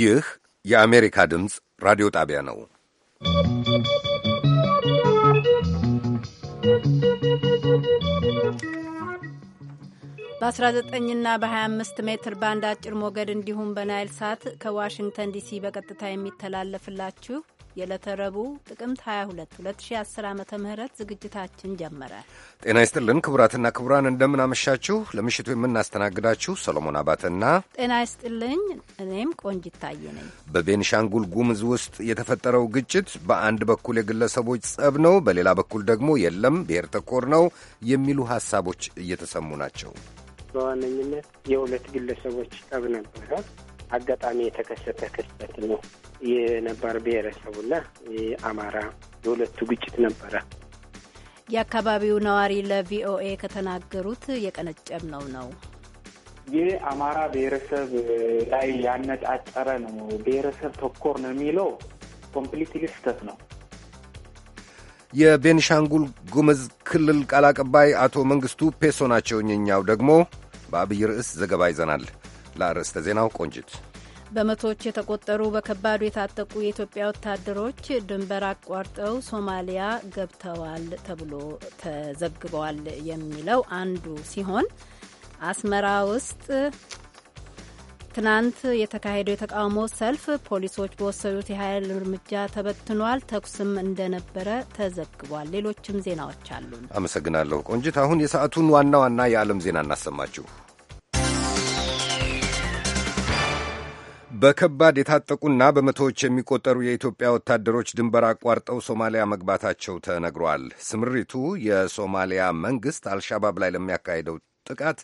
ይህ የአሜሪካ ድምፅ ራዲዮ ጣቢያ ነው። በ19ና በ25 ሜትር ባንድ አጭር ሞገድ እንዲሁም በናይል ሳት ከዋሽንግተን ዲሲ በቀጥታ የሚተላለፍላችሁ የለተረቡ ጥቅምት 22 2010 ዓ ም ዝግጅታችን ጀመረ። ጤና ይስጥልን ክቡራትና ክቡራን፣ እንደምናመሻችሁ ለምሽቱ የምናስተናግዳችሁ ሰሎሞን አባተና ጤና ይስጥልኝ፣ እኔም ቆንጅ ይታየ ነኝ። በቤንሻንጉል ጉምዝ ውስጥ የተፈጠረው ግጭት በአንድ በኩል የግለሰቦች ጸብ ነው፣ በሌላ በኩል ደግሞ የለም ብሔር ተኮር ነው የሚሉ ሀሳቦች እየተሰሙ ናቸው። በዋነኝነት የሁለት ግለሰቦች ጸብ ነበረ። አጋጣሚ የተከሰተ ክስተት ነው። የነባር ብሔረሰቡና የአማራ የሁለቱ ግጭት ነበረ። የአካባቢው ነዋሪ ለቪኦኤ ከተናገሩት የቀነጨም ነው ነው አማራ ብሔረሰብ ላይ ያነጣጠረ ነው፣ ብሔረሰብ ተኮር ነው የሚለው ኮምፕሊትሊ ስህተት ነው። የቤንሻንጉል ጉምዝ ክልል ቃል አቀባይ አቶ መንግስቱ ፔሶ ናቸው። እኛው ደግሞ በአብይ ርዕስ ዘገባ ይዘናል። ለአርዕስተ ዜናው ቆንጅት። በመቶዎች የተቆጠሩ በከባዱ የታጠቁ የኢትዮጵያ ወታደሮች ድንበር አቋርጠው ሶማሊያ ገብተዋል ተብሎ ተዘግበዋል የሚለው አንዱ ሲሆን አስመራ ውስጥ ትናንት የተካሄደው የተቃውሞ ሰልፍ ፖሊሶች በወሰዱት የኃይል እርምጃ ተበትኗል። ተኩስም እንደነበረ ተዘግቧል። ሌሎችም ዜናዎች አሉ። አመሰግናለሁ ቆንጅት። አሁን የሰዓቱን ዋና ዋና የዓለም ዜና እናሰማችሁ። በከባድ የታጠቁና በመቶዎች የሚቆጠሩ የኢትዮጵያ ወታደሮች ድንበር አቋርጠው ሶማሊያ መግባታቸው ተነግሯል። ስምሪቱ የሶማሊያ መንግሥት አልሻባብ ላይ ለሚያካሂደው ጥቃት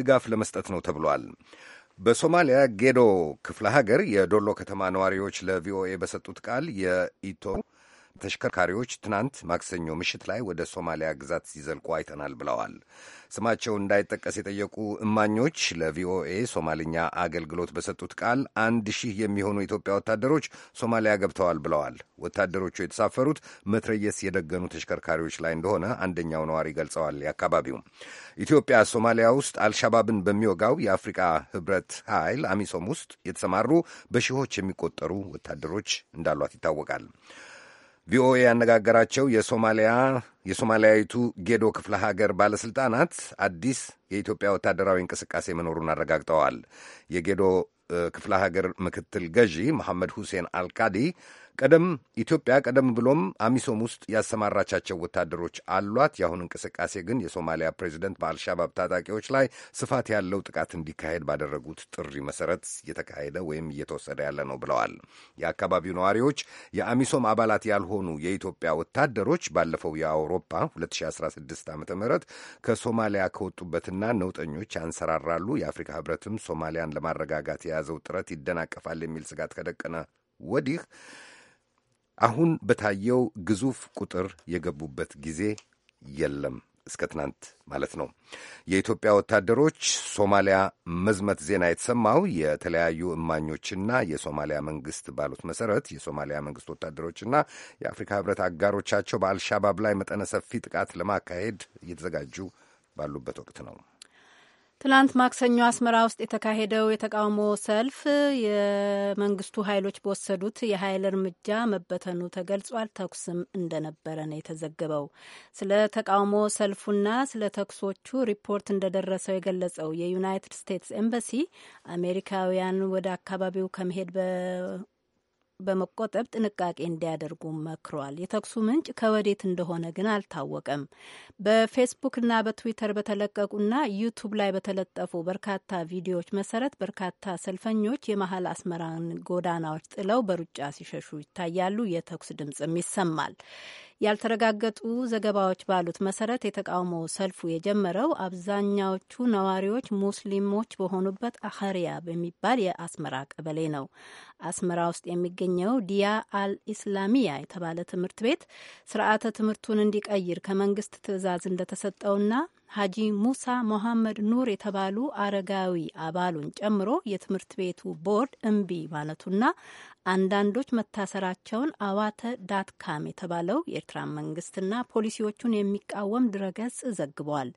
ድጋፍ ለመስጠት ነው ተብሏል። በሶማሊያ ጌዶ ክፍለ ሀገር የዶሎ ከተማ ነዋሪዎች ለቪኦኤ በሰጡት ቃል የኢቶ ተሽከርካሪዎች ትናንት ማክሰኞ ምሽት ላይ ወደ ሶማሊያ ግዛት ሲዘልቁ አይተናል ብለዋል። ስማቸው እንዳይጠቀስ የጠየቁ እማኞች ለቪኦኤ ሶማልኛ አገልግሎት በሰጡት ቃል አንድ ሺህ የሚሆኑ ኢትዮጵያ ወታደሮች ሶማሊያ ገብተዋል ብለዋል። ወታደሮቹ የተሳፈሩት መትረየስ የደገኑ ተሽከርካሪዎች ላይ እንደሆነ አንደኛው ነዋሪ ገልጸዋል። የአካባቢው ኢትዮጵያ ሶማሊያ ውስጥ አልሻባብን በሚወጋው የአፍሪቃ ህብረት ኃይል አሚሶም ውስጥ የተሰማሩ በሺዎች የሚቆጠሩ ወታደሮች እንዳሏት ይታወቃል። ቪኦኤ ያነጋገራቸው የሶማሊያ የሶማሊያዊቱ ጌዶ ክፍለ ሀገር ባለሥልጣናት አዲስ የኢትዮጵያ ወታደራዊ እንቅስቃሴ መኖሩን አረጋግጠዋል። የጌዶ ክፍለ ሀገር ምክትል ገዢ መሐመድ ሁሴን አልካዲ ቀደም ኢትዮጵያ ቀደም ብሎም አሚሶም ውስጥ ያሰማራቻቸው ወታደሮች አሏት። የአሁን እንቅስቃሴ ግን የሶማሊያ ፕሬዚደንት በአልሻባብ ታጣቂዎች ላይ ስፋት ያለው ጥቃት እንዲካሄድ ባደረጉት ጥሪ መሰረት እየተካሄደ ወይም እየተወሰደ ያለ ነው ብለዋል። የአካባቢው ነዋሪዎች የአሚሶም አባላት ያልሆኑ የኢትዮጵያ ወታደሮች ባለፈው የአውሮፓ 2016 ዓ ም ከሶማሊያ ከወጡበትና ነውጠኞች ያንሰራራሉ፣ የአፍሪካ ህብረትም ሶማሊያን ለማረጋጋት የያዘው ጥረት ይደናቀፋል የሚል ስጋት ከደቀነ ወዲህ አሁን በታየው ግዙፍ ቁጥር የገቡበት ጊዜ የለም እስከ ትናንት ማለት ነው። የኢትዮጵያ ወታደሮች ሶማሊያ መዝመት ዜና የተሰማው የተለያዩ እማኞችና የሶማሊያ መንግስት ባሉት መሰረት የሶማሊያ መንግስት ወታደሮችና የአፍሪካ ህብረት አጋሮቻቸው በአልሻባብ ላይ መጠነ ሰፊ ጥቃት ለማካሄድ እየተዘጋጁ ባሉበት ወቅት ነው። ትላንት ማክሰኞ አስመራ ውስጥ የተካሄደው የተቃውሞ ሰልፍ የመንግስቱ ኃይሎች በወሰዱት የኃይል እርምጃ መበተኑ ተገልጿል። ተኩስም እንደነበረ ነው የተዘገበው። ስለ ተቃውሞ ሰልፉና ስለ ተኩሶቹ ሪፖርት እንደደረሰው የገለጸው የዩናይትድ ስቴትስ ኤምባሲ አሜሪካውያን ወደ አካባቢው ከመሄድ በመቆጠብ ጥንቃቄ እንዲያደርጉ መክሯል። የተኩሱ ምንጭ ከወዴት እንደሆነ ግን አልታወቀም። በፌስቡክና በትዊተር በተለቀቁና ዩቱብ ላይ በተለጠፉ በርካታ ቪዲዮዎች መሰረት በርካታ ሰልፈኞች የመሀል አስመራን ጎዳናዎች ጥለው በሩጫ ሲሸሹ ይታያሉ። የተኩስ ድምጽም ይሰማል። ያልተረጋገጡ ዘገባዎች ባሉት መሰረት የተቃውሞ ሰልፉ የጀመረው አብዛኛዎቹ ነዋሪዎች ሙስሊሞች በሆኑበት አኸሪያ በሚባል የአስመራ ቀበሌ ነው። አስመራ ውስጥ የሚገኘው ዲያ አል ኢስላሚያ የተባለ ትምህርት ቤት ስርዓተ ትምህርቱን እንዲቀይር ከመንግስት ትዕዛዝ እንደተሰጠውና ሀጂ ሙሳ ሞሐመድ ኑር የተባሉ አረጋዊ አባሉን ጨምሮ የትምህርት ቤቱ ቦርድ እምቢ ማለቱና አንዳንዶች መታሰራቸውን አዋተ ዳት ካም የተባለው የኤርትራ መንግስትና ፖሊሲዎቹን የሚቃወም ድረገጽ ዘግቧል።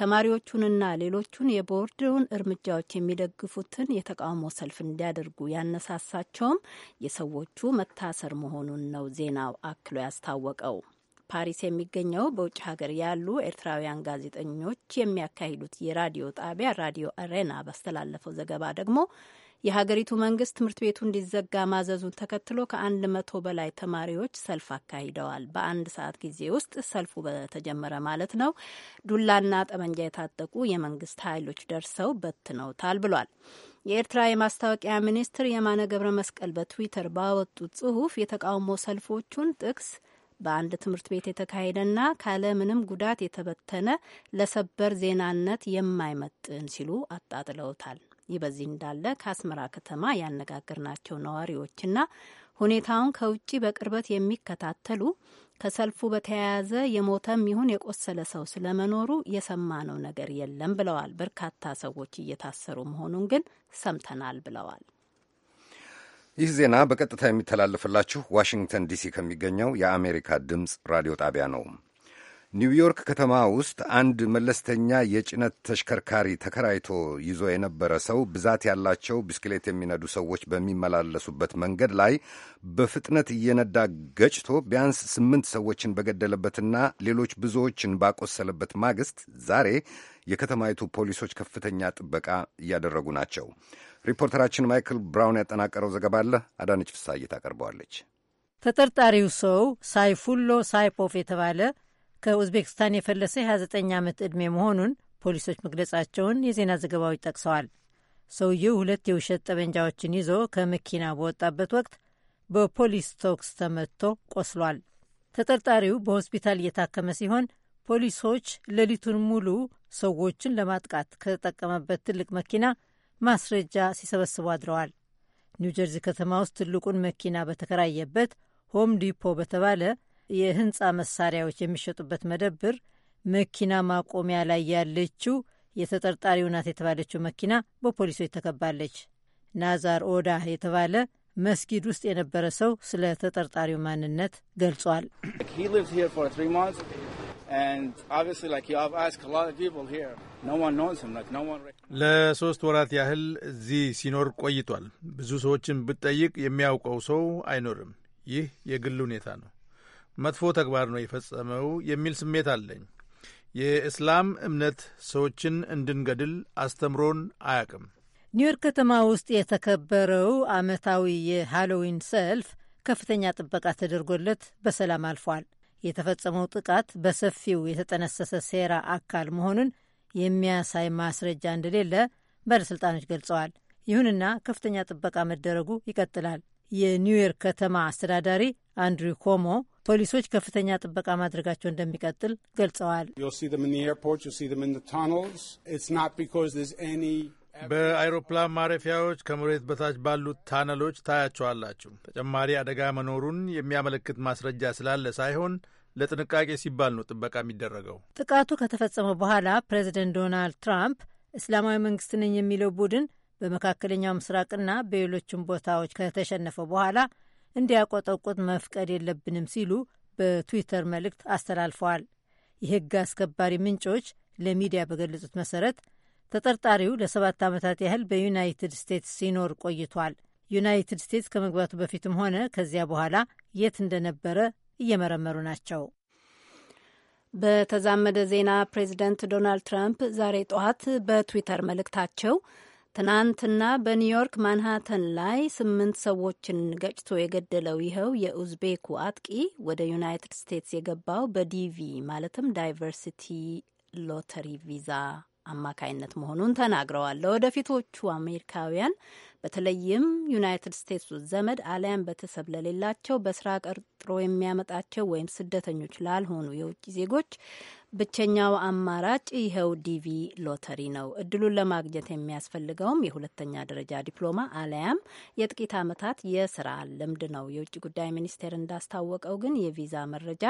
ተማሪዎቹንና ሌሎቹን የቦርድውን እርምጃዎች የሚደግፉትን የተቃውሞ ሰልፍ እንዲያደርጉ ያነሳሳቸውም የሰዎቹ መታሰር መሆኑን ነው ዜናው አክሎ ያስታወቀው። ፓሪስ የሚገኘው በውጭ ሀገር ያሉ ኤርትራውያን ጋዜጠኞች የሚያካሂዱት የራዲዮ ጣቢያ ራዲዮ አሬና ባስተላለፈው ዘገባ ደግሞ የሀገሪቱ መንግስት ትምህርት ቤቱ እንዲዘጋ ማዘዙን ተከትሎ ከአንድ መቶ በላይ ተማሪዎች ሰልፍ አካሂደዋል። በአንድ ሰዓት ጊዜ ውስጥ ሰልፉ በተጀመረ ማለት ነው። ዱላና ጠመንጃ የታጠቁ የመንግስት ኃይሎች ደርሰው በትነውታል ብሏል። የኤርትራ የማስታወቂያ ሚኒስትር የማነ ገብረ መስቀል በትዊተር ባወጡት ጽሁፍ የተቃውሞ ሰልፎቹን ጥቅስ በአንድ ትምህርት ቤት የተካሄደና ካለ ምንም ጉዳት የተበተነ ለሰበር ዜናነት የማይመጥን ሲሉ አጣጥለውታል። ይህ በዚህ እንዳለ ከአስመራ ከተማ ያነጋገርናቸው ነዋሪዎችና ሁኔታውን ከውጭ በቅርበት የሚከታተሉ ከሰልፉ በተያያዘ የሞተም ይሁን የቆሰለ ሰው ስለመኖሩ የሰማነው ነገር የለም ብለዋል። በርካታ ሰዎች እየታሰሩ መሆኑን ግን ሰምተናል ብለዋል። ይህ ዜና በቀጥታ የሚተላለፍላችሁ ዋሽንግተን ዲሲ ከሚገኘው የአሜሪካ ድምፅ ራዲዮ ጣቢያ ነው። ኒውዮርክ ከተማ ውስጥ አንድ መለስተኛ የጭነት ተሽከርካሪ ተከራይቶ ይዞ የነበረ ሰው ብዛት ያላቸው ብስክሌት የሚነዱ ሰዎች በሚመላለሱበት መንገድ ላይ በፍጥነት እየነዳ ገጭቶ ቢያንስ ስምንት ሰዎችን በገደለበትና ሌሎች ብዙዎችን ባቆሰለበት ማግስት ዛሬ የከተማይቱ ፖሊሶች ከፍተኛ ጥበቃ እያደረጉ ናቸው። ሪፖርተራችን ማይክል ብራውን ያጠናቀረው ዘገባ አለ። አዳነች ፍሳዬ ታቀርበዋለች። ተጠርጣሪው ሰው ሳይፉሎ ሳይፖፍ የተባለ ከኡዝቤክስታን የፈለሰ የ29 ዓመት ዕድሜ መሆኑን ፖሊሶች መግለጻቸውን የዜና ዘገባዎች ጠቅሰዋል። ሰውየው ሁለት የውሸት ጠመንጃዎችን ይዞ ከመኪና በወጣበት ወቅት በፖሊስ ተኩስ ተመትቶ ቆስሏል። ተጠርጣሪው በሆስፒታል እየታከመ ሲሆን ፖሊሶች ሌሊቱን ሙሉ ሰዎችን ለማጥቃት ከተጠቀመበት ትልቅ መኪና ማስረጃ ሲሰበስቡ አድረዋል። ኒውጀርዚ ከተማ ውስጥ ትልቁን መኪና በተከራየበት ሆም ዲፖ በተባለ የህንፃ መሳሪያዎች የሚሸጡበት መደብር መኪና ማቆሚያ ላይ ያለችው የተጠርጣሪው ናት የተባለችው መኪና በፖሊሶች ተከባለች። ናዛር ኦዳ የተባለ መስጊድ ውስጥ የነበረ ሰው ስለ ተጠርጣሪው ማንነት ገልጿል። ለሶስት ወራት ያህል እዚህ ሲኖር ቆይቷል። ብዙ ሰዎችን ብጠይቅ የሚያውቀው ሰው አይኖርም። ይህ የግል ሁኔታ ነው። መጥፎ ተግባር ነው የፈጸመው የሚል ስሜት አለኝ። የእስላም እምነት ሰዎችን እንድንገድል አስተምሮን አያቅም። ኒውዮርክ ከተማ ውስጥ የተከበረው ዓመታዊ የሃሎዊን ሰልፍ ከፍተኛ ጥበቃ ተደርጎለት በሰላም አልፏል። የተፈጸመው ጥቃት በሰፊው የተጠነሰሰ ሴራ አካል መሆኑን የሚያሳይ ማስረጃ እንደሌለ ባለሥልጣኖች ገልጸዋል። ይሁንና ከፍተኛ ጥበቃ መደረጉ ይቀጥላል። የኒውዮርክ ከተማ አስተዳዳሪ አንድሪው ኮሞ ፖሊሶች ከፍተኛ ጥበቃ ማድረጋቸው እንደሚቀጥል ገልጸዋል። በአይሮፕላን ማረፊያዎች፣ ከመሬት በታች ባሉት ታነሎች ታያቸዋላችሁ። ተጨማሪ አደጋ መኖሩን የሚያመለክት ማስረጃ ስላለ ሳይሆን ለጥንቃቄ ሲባል ነው ጥበቃ የሚደረገው። ጥቃቱ ከተፈጸመ በኋላ ፕሬዚደንት ዶናልድ ትራምፕ እስላማዊ መንግስት ነኝ የሚለው ቡድን በመካከለኛው ምስራቅና በሌሎችም ቦታዎች ከተሸነፈ በኋላ እንዲያቆጠቁጥ መፍቀድ የለብንም ሲሉ በትዊተር መልእክት አስተላልፈዋል። የሕግ አስከባሪ ምንጮች ለሚዲያ በገለጹት መሰረት ተጠርጣሪው ለሰባት ዓመታት ያህል በዩናይትድ ስቴትስ ሲኖር ቆይቷል። ዩናይትድ ስቴትስ ከመግባቱ በፊትም ሆነ ከዚያ በኋላ የት እንደነበረ እየመረመሩ ናቸው። በተዛመደ ዜና ፕሬዚደንት ዶናልድ ትራምፕ ዛሬ ጠዋት በትዊተር መልእክታቸው ትናንትና በኒውዮርክ ማንሃተን ላይ ስምንት ሰዎችን ገጭቶ የገደለው ይኸው የኡዝቤኩ አጥቂ ወደ ዩናይትድ ስቴትስ የገባው በዲቪ ማለትም ዳይቨርሲቲ ሎተሪ ቪዛ አማካይነት መሆኑን ተናግረዋል። ለወደፊቶቹ አሜሪካውያን በተለይም ዩናይትድ ስቴትስ ውስጥ ዘመድ አሊያም ቤተሰብ ለሌላቸው በስራ ቀርጥሮ የሚያመጣቸው ወይም ስደተኞች ላልሆኑ የውጭ ዜጎች ብቸኛው አማራጭ ይኸው ዲቪ ሎተሪ ነው። እድሉን ለማግኘት የሚያስፈልገውም የሁለተኛ ደረጃ ዲፕሎማ አሊያም የጥቂት ዓመታት የስራ ልምድ ነው። የውጭ ጉዳይ ሚኒስቴር እንዳስታወቀው ግን የቪዛ መረጃ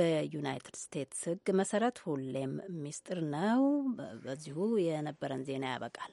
በዩናይትድ ስቴትስ ሕግ መሰረት ሁሌም ሚስጥር ነው። በዚሁ የነበረን ዜና ያበቃል።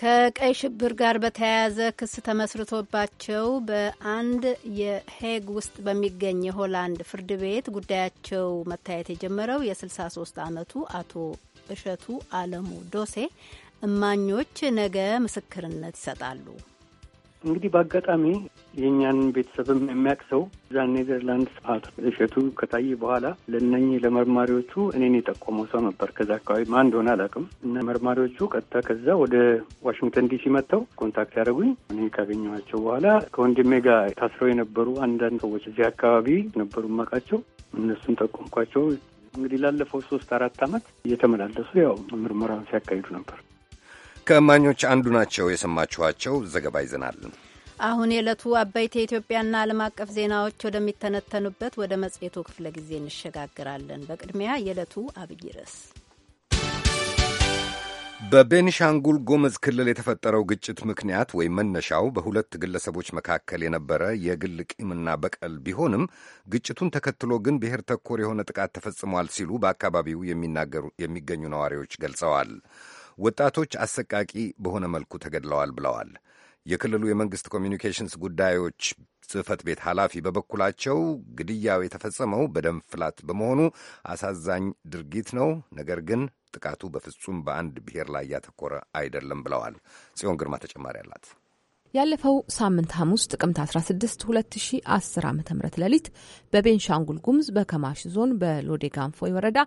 ከቀይ ሽብር ጋር በተያያዘ ክስ ተመስርቶባቸው በአንድ የሄግ ውስጥ በሚገኝ የሆላንድ ፍርድ ቤት ጉዳያቸው መታየት የጀመረው የ63 ዓመቱ አቶ እሸቱ አለሙ ዶሴ እማኞች ነገ ምስክርነት ይሰጣሉ። እንግዲህ በአጋጣሚ የእኛን ቤተሰብም የሚያውቅ ሰው እዛ ኔዘርላንድ ሰዓት እሸቱ ከታየ በኋላ ለእነኝህ ለመርማሪዎቹ እኔን የጠቆመው ሰው ነበር። ከዛ አካባቢ ማን እንደሆነ አላውቅም። እና መርማሪዎቹ ቀጥታ ከዛ ወደ ዋሽንግተን ዲሲ መጥተው ኮንታክት ያደረጉኝ እኔ ካገኘኋቸው በኋላ ከወንድሜ ጋር ታስረው የነበሩ አንዳንድ ሰዎች እዚህ አካባቢ ነበሩ የማውቃቸው። እነሱን ጠቆምኳቸው። እንግዲህ ላለፈው ሶስት አራት ዓመት እየተመላለሱ ያው ምርመራውን ሲያካሂዱ ነበር። ከእማኞች አንዱ ናቸው የሰማችኋቸው። ዘገባ ይዘናል። አሁን የዕለቱ አበይት የኢትዮጵያና ዓለም አቀፍ ዜናዎች ወደሚተነተኑበት ወደ መጽሔቱ ክፍለ ጊዜ እንሸጋግራለን። በቅድሚያ የዕለቱ አብይ ርዕስ በቤኒሻንጉል ጎመዝ ክልል የተፈጠረው ግጭት ምክንያት ወይም መነሻው በሁለት ግለሰቦች መካከል የነበረ የግል ቂምና በቀል ቢሆንም ግጭቱን ተከትሎ ግን ብሔር ተኮር የሆነ ጥቃት ተፈጽሟል ሲሉ በአካባቢው የሚናገሩ የሚገኙ ነዋሪዎች ገልጸዋል። ወጣቶች አሰቃቂ በሆነ መልኩ ተገድለዋል ብለዋል። የክልሉ የመንግሥት ኮሚኒኬሽንስ ጉዳዮች ጽህፈት ቤት ኃላፊ በበኩላቸው ግድያው የተፈጸመው በደም ፍላት በመሆኑ አሳዛኝ ድርጊት ነው፣ ነገር ግን ጥቃቱ በፍጹም በአንድ ብሔር ላይ ያተኮረ አይደለም ብለዋል። ጽዮን ግርማ ተጨማሪ አላት። ያለፈው ሳምንት ሐሙስ ጥቅምት 16 2010 ዓ ም ሌሊት በቤንሻንጉል ጉሙዝ በከማሽ ዞን በሎዴ ጋንፎይ ወረዳ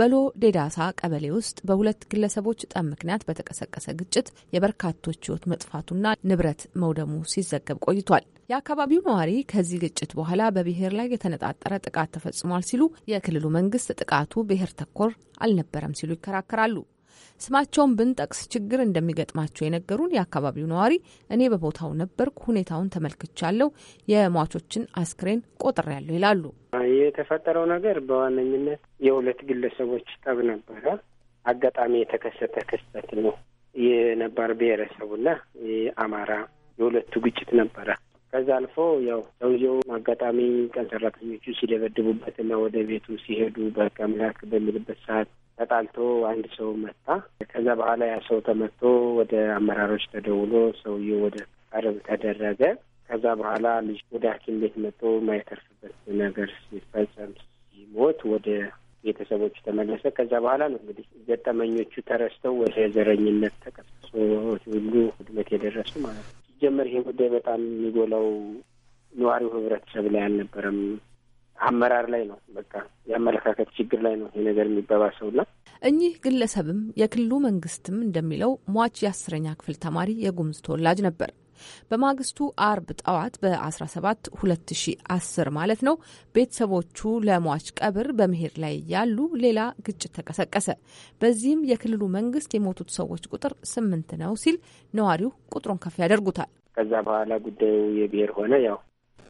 በሎ ዴዳሳ ቀበሌ ውስጥ በሁለት ግለሰቦች ጠብ ምክንያት በተቀሰቀሰ ግጭት የበርካቶች ሕይወት መጥፋቱና ንብረት መውደሙ ሲዘገብ ቆይቷል። የአካባቢው ነዋሪ ከዚህ ግጭት በኋላ በብሔር ላይ የተነጣጠረ ጥቃት ተፈጽሟል ሲሉ፣ የክልሉ መንግስት ጥቃቱ ብሔር ተኮር አልነበረም ሲሉ ይከራከራሉ። ስማቸውን ብንጠቅስ ችግር እንደሚገጥማቸው የነገሩን የአካባቢው ነዋሪ እኔ በቦታው ነበርኩ፣ ሁኔታውን ተመልክቻለሁ፣ የሟቾችን አስክሬን ቆጥሬያለሁ ይላሉ። የተፈጠረው ነገር በዋነኝነት የሁለት ግለሰቦች ጠብ ነበረ። አጋጣሚ የተከሰተ ክስተት ነው። የነባር ብሔረሰቡና የአማራ የሁለቱ ግጭት ነበረ። ከዛ አልፎ ያው ሰውየው አጋጣሚ ቀን ሰራተኞቹ ሲደበድቡበትና ወደ ቤቱ ሲሄዱ በቃ አምላክ በሚልበት ሰዓት ተጣልቶ አንድ ሰው መታ። ከዛ በኋላ ያ ሰው ተመቶ ወደ አመራሮች ተደውሎ ሰውየው ወደ ቀርብ ተደረገ። ከዛ በኋላ ልጅ ወደ ሐኪም ቤት መጥቶ የማይተርፍበት ነገር ሲፈጸም ሲሞት ወደ ቤተሰቦቹ ተመለሰ። ከዛ በኋላ ነው እንግዲህ ገጠመኞቹ ተረስተው ወደ ዘረኝነት ተቀስቅሶ ሁሉ ውድመት የደረሱ ማለት ነው። ሲጀመር ይሄ ጉዳይ በጣም የሚጎላው ነዋሪው ህብረተሰብ ላይ አልነበረም። አመራር ላይ ነው። በቃ የአመለካከት ችግር ላይ ነው ይህ ነገር የሚበባሰውና እኚህ ግለሰብም የክልሉ መንግስትም እንደሚለው ሟች የአስረኛ ክፍል ተማሪ የጉምዝ ተወላጅ ነበር። በማግስቱ አርብ ጠዋት በ17 2010 ማለት ነው ቤተሰቦቹ ለሟች ቀብር በመሄድ ላይ ያሉ ሌላ ግጭት ተቀሰቀሰ። በዚህም የክልሉ መንግስት የሞቱት ሰዎች ቁጥር ስምንት ነው ሲል ነዋሪው ቁጥሩን ከፍ ያደርጉታል። ከዛ በኋላ ጉዳዩ የብሔር ሆነ። ያው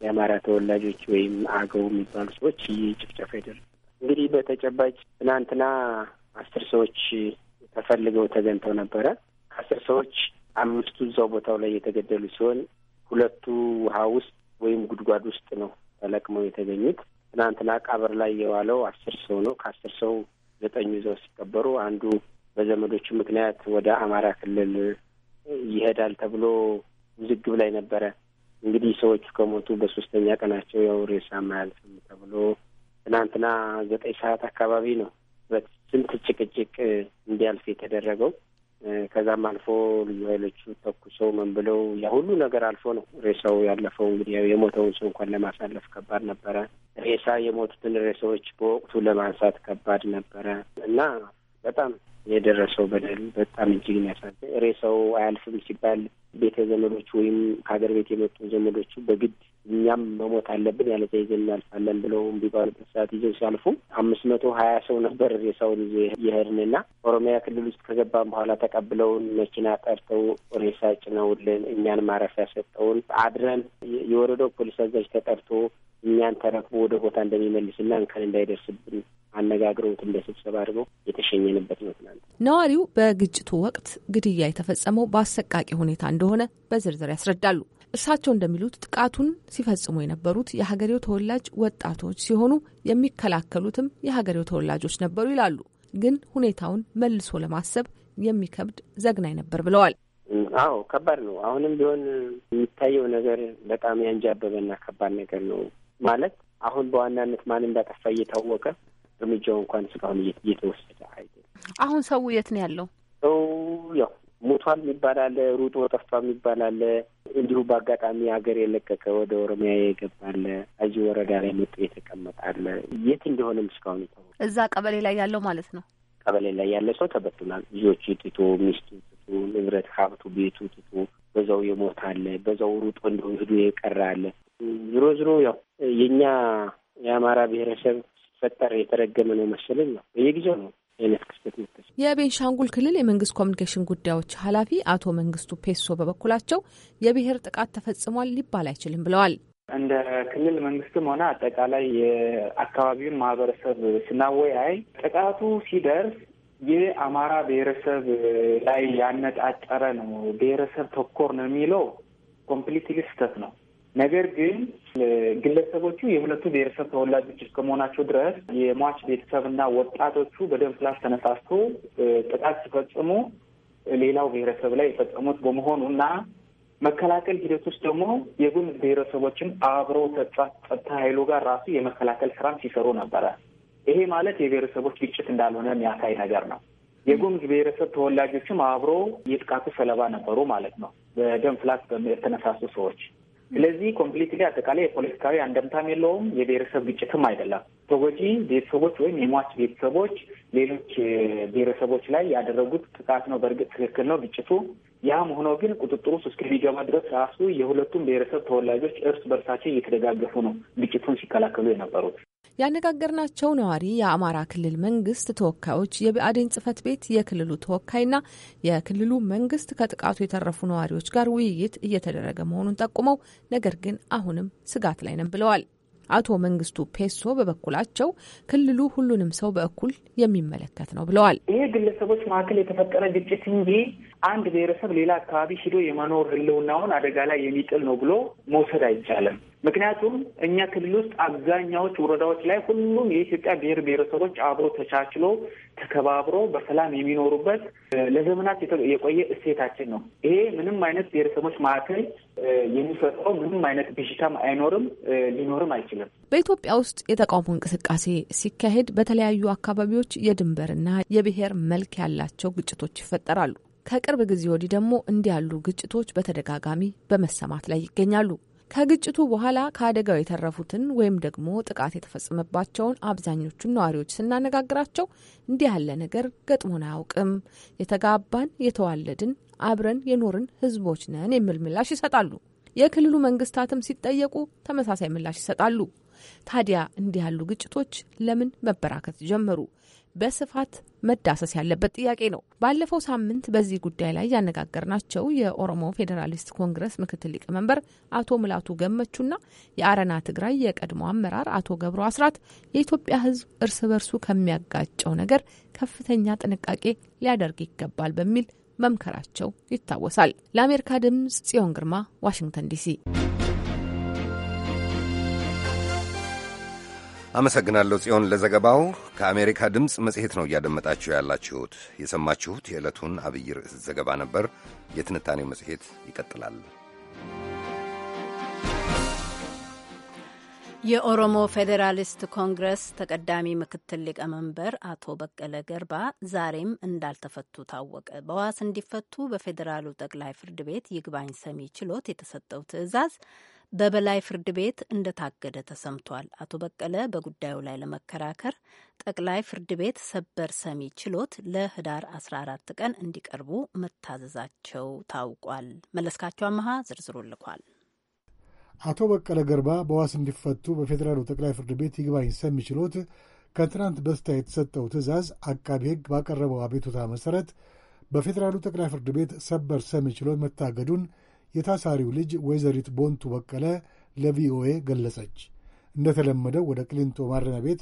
የአማራ ተወላጆች ወይም አገው የሚባሉ ሰዎች ይህ ጭፍጨፋ ይደርግ እንግዲህ በተጨባጭ ትናንትና አስር ሰዎች ተፈልገው ተገኝተው ነበረ። ከአስር ሰዎች አምስቱ እዛው ቦታው ላይ የተገደሉ ሲሆን ሁለቱ ውሃ ውስጥ ወይም ጉድጓድ ውስጥ ነው ተለቅመው የተገኙት። ትናንትና ቀብር ላይ የዋለው አስር ሰው ነው። ከአስር ሰው ዘጠኙ ይዘው ሲቀበሩ፣ አንዱ በዘመዶቹ ምክንያት ወደ አማራ ክልል ይሄዳል ተብሎ ውዝግብ ላይ ነበረ። እንግዲህ ሰዎቹ ከሞቱ በሶስተኛ ቀናቸው ያው ሬሳ ማያልፍም ተብሎ ትናንትና ዘጠኝ ሰዓት አካባቢ ነው በስንት ጭቅጭቅ እንዲያልፍ የተደረገው። ከዛም አልፎ ልዩ ኃይሎቹ ተኩሰው ምን ብለው ያ ሁሉ ነገር አልፎ ነው ሬሳው ያለፈው። እንግዲህ ያው የሞተውን ሰው እንኳን ለማሳለፍ ከባድ ነበረ። ሬሳ የሞቱትን ሬሳዎች በወቅቱ ለማንሳት ከባድ ነበረ እና በጣም የደረሰው በደል በጣም እጅግ ያሳዝን። ሬሳው አያልፍም ሲባል ቤተ ዘመዶች ወይም ከሀገር ቤት የመጡ ዘመዶቹ በግድ እኛም መሞት አለብን ያለ ተይዘን እናልፋለን ብለው ቢባሉበት ሰዓት ይዘው ሲያልፉ አምስት መቶ ሀያ ሰው ነበር ሬሳውን ይዞ የሄድንና ኦሮሚያ ክልል ውስጥ ከገባን በኋላ ተቀብለውን መኪና ጠርተው ሬሳ ጭነውልን እኛን ማረፊያ ሰጠውን። አድረን የወረዳው ፖሊስ አዛዥ ተጠርቶ እኛን ተረክቦ ወደ ቦታ እንደሚመልስና እንከን እንዳይደርስብን አነጋግረውት እንደ ስብሰባ አድርገው የተሸኘንበት ነው። ትናንት ነዋሪው በግጭቱ ወቅት ግድያ የተፈጸመው በአሰቃቂ ሁኔታ እንደሆነ በዝርዝር ያስረዳሉ። እርሳቸው እንደሚሉት ጥቃቱን ሲፈጽሙ የነበሩት የሀገሬው ተወላጅ ወጣቶች ሲሆኑ የሚከላከሉትም የሀገሬው ተወላጆች ነበሩ ይላሉ። ግን ሁኔታውን መልሶ ለማሰብ የሚከብድ ዘግናኝ ነበር ብለዋል። አዎ ከባድ ነው። አሁንም ቢሆን የሚታየው ነገር በጣም ያንጃበበና ከባድ ነገር ነው። ማለት አሁን በዋናነት ማን እንዳጠፋ እየታወቀ እርምጃው እንኳን እስካሁን እየተወሰደ አይደለም። አሁን ሰው የት ነው ያለው? ሰው ያው ሞቷል የሚባል አለ፣ ሩጦ ጠፋ የሚባል አለ፣ እንዲሁ በአጋጣሚ ሀገር የለቀቀ ወደ ኦሮሚያ የገባ አለ፣ እዚህ ወረዳ ላይ መጡ የተቀመጠ አለ። የት እንደሆነም እስካሁን የታወቀ እዛ ቀበሌ ላይ ያለው ማለት ነው። ቀበሌ ላይ ያለ ሰው ተበትናል። ልጆቹ ትቶ፣ ሚስቱ ትቶ፣ ንብረት ሀብቱ፣ ቤቱ ትቶ በዛው የሞት አለ፣ በዛው ሩጦ እንዲሁ ሂዶ የቀረ አለ። ዝሮ ዝሮ ያው የእኛ የአማራ ብሔረሰብ ሲፈጠር የተረገመ ነው መሰለኝ ነው በየጊዜው ነው አይነት ክስተት የቤንሻንጉል ክልል የመንግስት ኮሚኒኬሽን ጉዳዮች ኃላፊ አቶ መንግስቱ ፔሶ በበኩላቸው የብሔር ጥቃት ተፈጽሟል ሊባል አይችልም ብለዋል። እንደ ክልል መንግስትም ሆነ አጠቃላይ የአካባቢውን ማህበረሰብ ስናወያይ ጥቃቱ ሲደርስ የአማራ ብሔረሰብ ላይ ያነጣጠረ ነው፣ ብሔረሰብ ተኮር ነው የሚለው ኮምፕሊትሊ ስህተት ነው። ነገር ግን ግለሰቦቹ የሁለቱ ብሔረሰብ ተወላጆች እስከመሆናቸው ድረስ የሟች ቤተሰብና ወጣቶቹ በደም ፍላሽ ተነሳስቶ ጥቃት ሲፈጽሙ ሌላው ብሔረሰብ ላይ የፈጸሙት በመሆኑ እና መከላከል ሂደት ውስጥ ደግሞ የጉን ብሔረሰቦችን አብሮ ጸጥታ ኃይሉ ጋር ራሱ የመከላከል ስራም ሲሰሩ ነበረ። ይሄ ማለት የብሔረሰቦች ግጭት እንዳልሆነ የሚያሳይ ነገር ነው። የጉምዝ ብሔረሰብ ተወላጆችም አብሮ የጥቃቱ ሰለባ ነበሩ ማለት ነው። በደም ፍላት ሰዎች ስለዚህ ኮምፕሊትሊ አጠቃላይ የፖለቲካዊ አንደምታም የለውም። የብሔረሰብ ግጭትም አይደለም። ተጎጂ ቤተሰቦች ወይም የሟች ቤተሰቦች ሌሎች ብሔረሰቦች ላይ ያደረጉት ጥቃት ነው። በእርግጥ ትክክል ነው ግጭቱ። ያም ሆኖ ግን ቁጥጥር ውስጥ እስከሚገባ ድረስ ራሱ የሁለቱም ብሔረሰብ ተወላጆች እርስ በርሳቸው እየተደጋገፉ ነው ግጭቱን ሲከላከሉ የነበሩት። ያነጋገርናቸው ነዋሪ የአማራ ክልል መንግስት ተወካዮች፣ የብአዴን ጽህፈት ቤት የክልሉ ተወካይና የክልሉ መንግስት ከጥቃቱ የተረፉ ነዋሪዎች ጋር ውይይት እየተደረገ መሆኑን ጠቁመው ነገር ግን አሁንም ስጋት ላይ ነን ብለዋል። አቶ መንግስቱ ፔሶ በበኩላቸው ክልሉ ሁሉንም ሰው በእኩል የሚመለከት ነው ብለዋል። ይሄ ግለሰቦች መካከል የተፈጠረ ግጭት እንጂ አንድ ብሔረሰብ ሌላ አካባቢ ሂዶ የመኖር ህልውናውን አደጋ ላይ የሚጥል ነው ብሎ መውሰድ አይቻልም። ምክንያቱም እኛ ክልል ውስጥ አብዛኛዎች ወረዳዎች ላይ ሁሉም የኢትዮጵያ ብሔር ብሔረሰቦች አብሮ ተቻችሎ ተከባብሮ በሰላም የሚኖሩበት ለዘመናት የቆየ እሴታችን ነው። ይሄ ምንም አይነት ብሔረሰቦች መካከል የሚፈጥረው ምንም አይነት ብዥታም አይኖርም፣ ሊኖርም አይችልም። በኢትዮጵያ ውስጥ የተቃውሞ እንቅስቃሴ ሲካሄድ በተለያዩ አካባቢዎች የድንበርና የብሔር መልክ ያላቸው ግጭቶች ይፈጠራሉ። ከቅርብ ጊዜ ወዲህ ደግሞ እንዲህ ያሉ ግጭቶች በተደጋጋሚ በመሰማት ላይ ይገኛሉ። ከግጭቱ በኋላ ከአደጋው የተረፉትን ወይም ደግሞ ጥቃት የተፈጸመባቸውን አብዛኞቹን ነዋሪዎች ስናነጋግራቸው እንዲህ ያለ ነገር ገጥሞን አያውቅም፣ የተጋባን የተዋለድን አብረን የኖርን ህዝቦች ነን የሚል ምላሽ ይሰጣሉ። የክልሉ መንግስታትም ሲጠየቁ ተመሳሳይ ምላሽ ይሰጣሉ። ታዲያ እንዲህ ያሉ ግጭቶች ለምን መበራከት ጀመሩ? በስፋት መዳሰስ ያለበት ጥያቄ ነው። ባለፈው ሳምንት በዚህ ጉዳይ ላይ ያነጋገርናቸው የኦሮሞ ፌዴራሊስት ኮንግረስ ምክትል ሊቀመንበር አቶ ገመቹ ገመቹና የአረና ትግራይ የቀድሞ አመራር አቶ ገብሩ አስራት የኢትዮጵያ ሕዝብ እርስ በርሱ ከሚያጋጨው ነገር ከፍተኛ ጥንቃቄ ሊያደርግ ይገባል በሚል መምከራቸው ይታወሳል። ለአሜሪካ ድምጽ ጽዮን ግርማ ዋሽንግተን ዲሲ አመሰግናለሁ ጽዮን ለዘገባው። ከአሜሪካ ድምፅ መጽሔት ነው እያደመጣችሁ ያላችሁት። የሰማችሁት የዕለቱን አብይ ርዕስ ዘገባ ነበር። የትንታኔው መጽሔት ይቀጥላል። የኦሮሞ ፌዴራሊስት ኮንግረስ ተቀዳሚ ምክትል ሊቀመንበር አቶ በቀለ ገርባ ዛሬም እንዳልተፈቱ ታወቀ። በዋስ እንዲፈቱ በፌዴራሉ ጠቅላይ ፍርድ ቤት ይግባኝ ሰሚ ችሎት የተሰጠው ትዕዛዝ በበላይ ፍርድ ቤት እንደታገደ ተሰምቷል። አቶ በቀለ በጉዳዩ ላይ ለመከራከር ጠቅላይ ፍርድ ቤት ሰበር ሰሚ ችሎት ለህዳር 14 ቀን እንዲቀርቡ መታዘዛቸው ታውቋል። መለስካቸው አመሃ ዝርዝሩ ልኳል። አቶ በቀለ ገርባ በዋስ እንዲፈቱ በፌዴራሉ ጠቅላይ ፍርድ ቤት ይግባኝ ሰሚ ችሎት ከትናንት በስቲያ የተሰጠው ትዕዛዝ አቃቢ ሕግ ባቀረበው አቤቱታ መሠረት በፌዴራሉ ጠቅላይ ፍርድ ቤት ሰበር ሰሚ ችሎት መታገዱን የታሳሪው ልጅ ወይዘሪት ቦንቱ በቀለ ለቪኦኤ ገለጸች። እንደተለመደው ወደ ቅሊንጦ ማረሚያ ቤት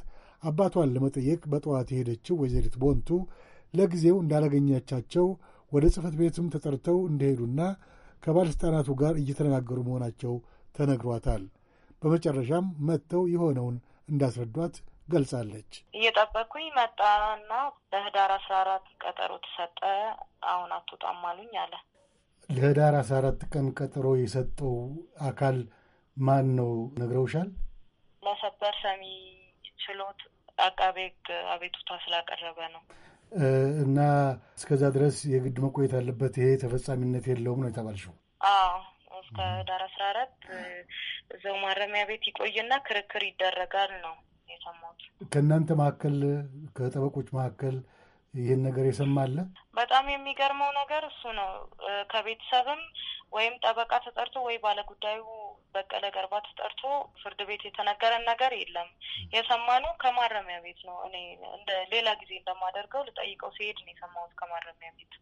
አባቷን ለመጠየቅ በጠዋት የሄደችው ወይዘሪት ቦንቱ ለጊዜው እንዳላገኛቻቸው ወደ ጽፈት ቤትም ተጠርተው እንደሄዱና ከባለሥልጣናቱ ጋር እየተነጋገሩ መሆናቸው ተነግሯታል። በመጨረሻም መጥተው የሆነውን እንዳስረዷት ገልጻለች። እየጠበቅኩኝ መጣና ለህዳር አስራ አራት ቀጠሮ ተሰጠ። አሁን አትወጣም አሉኝ አለ ለህዳር 14 ቀን ቀጠሮ የሰጠው አካል ማን ነው? ነግረውሻል? ለሰበር ሰሚ ችሎት አቃቤ አቤቱታ ስላቀረበ ነው። እና እስከዛ ድረስ የግድ መቆየት አለበት። ይሄ ተፈጻሚነት የለውም ነው የተባልሽው? አዎ እስከ ህዳር አስራ አራት እዛው ማረሚያ ቤት ይቆይና ክርክር ይደረጋል ነው የሰማሁት። ከእናንተ መካከል ከጠበቆች መካከል ይህን ነገር የሰማለ። በጣም የሚገርመው ነገር እሱ ነው። ከቤተሰብም ወይም ጠበቃ ተጠርቶ ወይ ባለጉዳዩ በቀለ ገርባ ተጠርቶ ፍርድ ቤት የተነገረን ነገር የለም። የሰማነው ከማረሚያ ቤት ነው። እኔ እንደ ሌላ ጊዜ እንደማደርገው ልጠይቀው ሲሄድ ነው የሰማሁት ከማረሚያ ቤት።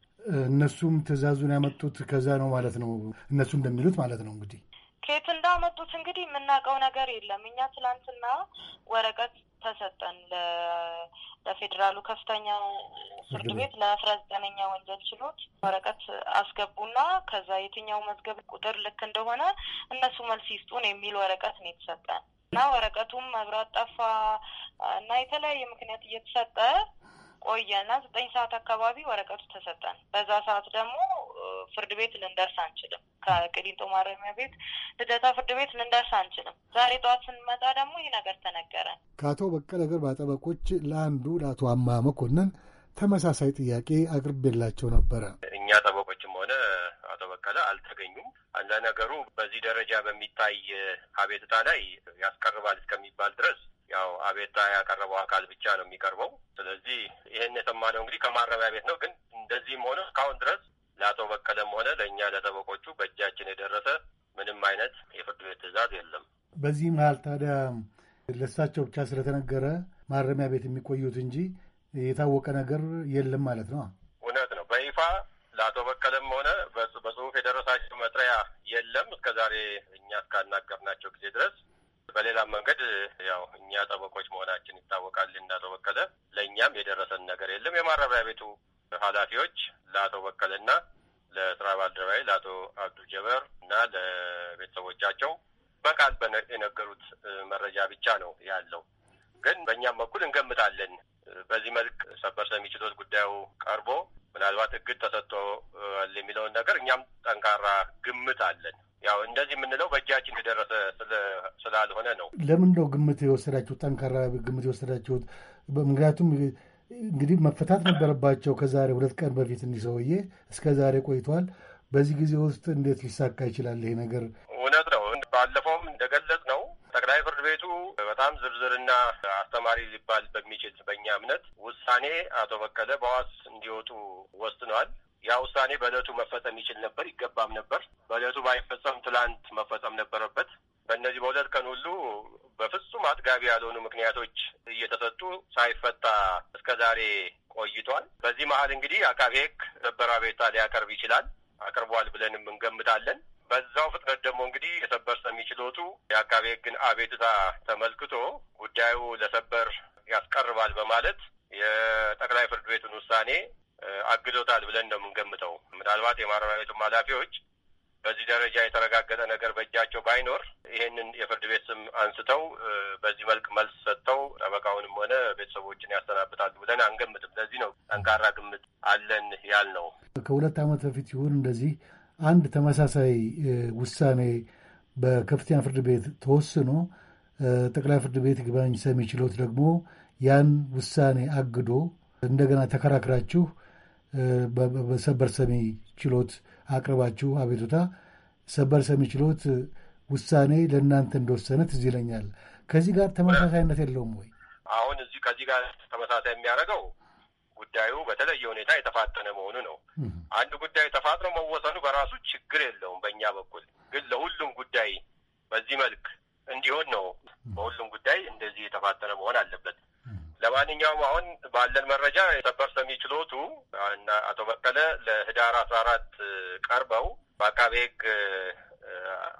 እነሱም ትዕዛዙን ያመጡት ከዛ ነው ማለት ነው። እነሱ እንደሚሉት ማለት ነው እንግዲህ ከየት እንዳመጡት እንግዲህ የምናውቀው ነገር የለም። እኛ ትላንትና ወረቀት ተሰጠን ለፌዴራሉ ከፍተኛ ፍርድ ቤት ለአስራ ዘጠነኛ ወንጀል ችሎት ወረቀት አስገቡና ከዛ የትኛው መዝገብ ቁጥር ልክ እንደሆነ እነሱ መልስ ይስጡን የሚል ወረቀት ነው የተሰጠን እና ወረቀቱም መብራት ጠፋ እና የተለያየ ምክንያት እየተሰጠ ቆየና ዘጠኝ ሰዓት አካባቢ ወረቀቱ ተሰጠን። በዛ ሰዓት ደግሞ ፍርድ ቤት ልንደርስ አንችልም። ከቅሊንጦ ማረሚያ ቤት ልደታ ፍርድ ቤት ልንደርስ አንችልም። ዛሬ ጠዋት ስንመጣ ደግሞ ይህ ነገር ተነገረን። ከአቶ በቀለ ገርባ ጠበቆች ለአንዱ ለአቶ አማ መኮንን ተመሳሳይ ጥያቄ አቅርቤላቸው ነበረ። እኛ ጠበቆችም ሆነ አቶ በቀለ አልተገኙም። ለነገሩ በዚህ ደረጃ በሚታይ አቤቱታ ላይ ያስቀርባል እስከሚባል ድረስ ያው አቤታ ያቀረበው አካል ብቻ ነው የሚቀርበው። ስለዚህ ይህን የሰማነው እንግዲህ ከማረሚያ ቤት ነው። ግን እንደዚህም ሆነ እስካሁን ድረስ ለአቶ በቀለም ሆነ ለእኛ ለጠበቆቹ በእጃችን የደረሰ ምንም አይነት የፍርድ ቤት ትዕዛዝ የለም። በዚህ መሀል ታዲያ ለእሳቸው ብቻ ስለተነገረ ማረሚያ ቤት የሚቆዩት እንጂ የታወቀ ነገር የለም ማለት ነው። እውነት ነው። በይፋ ለአቶ በቀለም ሆነ በጽሁፍ የደረሳቸው መጥሪያ የለም እስከዛሬ እኛ እስካናገርናቸው ጊዜ ድረስ በሌላ መንገድ ያው እኛ ጠበቆች ግምት የወሰዳችሁት ጠንካራ ግምት የወሰዳችሁት? ምክንያቱም እንግዲህ መፈታት ነበረባቸው ከዛሬ ሁለት ቀን በፊት እንዲህ ሰውዬ እስከ ዛሬ ቆይተዋል። በዚህ ጊዜ ውስጥ እንዴት ሊሳካ ይችላል ይሄ ነገር? እውነት ነው። ባለፈውም እንደገለጽ ነው ጠቅላይ ፍርድ ቤቱ በጣም ዝርዝርና አስተማሪ ሊባል በሚችል በእኛ እምነት ውሳኔ አቶ በቀለ በዋስ እንዲወጡ ወስነዋል። ያ ውሳኔ በእለቱ መፈጸም ይችል ነበር፣ ይገባም ነበር። በእለቱ ባይፈጸም ትላንት መፈጸም ነበረበት። በእነዚህ በሁለት ቀን ሁሉ በፍጹም አጥጋቢ ያልሆኑ ምክንያቶች እየተሰጡ ሳይፈታ እስከ ዛሬ ቆይቷል። በዚህ መሀል እንግዲህ አቃቤ ሕግ ሰበር አቤቱታ ሊያቀርብ ይችላል። አቅርቧል ብለንም እንገምታለን። በዛው ፍጥነት ደግሞ እንግዲህ የሰበር ሰሚ ችሎቱ የአቃቤ ሕግን አቤቱታ ተመልክቶ ጉዳዩ ለሰበር ያስቀርባል በማለት የጠቅላይ ፍርድ ቤቱን ውሳኔ አግዶታል ብለን ነው የምንገምተው። ምናልባት የማረሚያ ቤቱም ኃላፊዎች በዚህ ደረጃ የተረጋገጠ ነገር በእጃቸው ባይኖር ይሄንን የፍርድ ቤት ስም አንስተው በዚህ መልክ መልስ ሰጥተው ጠበቃውንም ሆነ ቤተሰቦችን ያሰናብታሉ ብለን አንገምትም። ለዚህ ነው ጠንካራ ግምት አለን ያል ነው። ከሁለት ዓመት በፊት ይሁን እንደዚህ አንድ ተመሳሳይ ውሳኔ በከፍተኛ ፍርድ ቤት ተወስኖ ጠቅላይ ፍርድ ቤት ይግባኝ ሰሚ ችሎት ደግሞ ያን ውሳኔ አግዶ እንደገና ተከራክራችሁ በሰበር ሰሚ ችሎት አቅርባችሁ አቤቱታ ሰበር ሰሚ ችሎት ውሳኔ ለእናንተ እንደወሰነ ትዝ ይለኛል። ከዚህ ጋር ተመሳሳይነት የለውም ወይ? አሁን እዚህ ከዚህ ጋር ተመሳሳይ የሚያደርገው ጉዳዩ በተለየ ሁኔታ የተፋጠነ መሆኑ ነው። አንድ ጉዳይ ተፋጥኖ መወሰኑ በራሱ ችግር የለውም በእኛ በኩል ግን ለሁሉም ጉዳይ በዚህ መልክ እንዲሆን ነው። በሁሉም ጉዳይ እንደዚህ የተፋጠነ መሆን አለበት። ለማንኛውም አሁን ባለን መረጃ የሰበር ሰሚ ችሎቱ እና አቶ በቀለ ለህዳር አስራ አራት ቀርበው በአቃቤ ህግ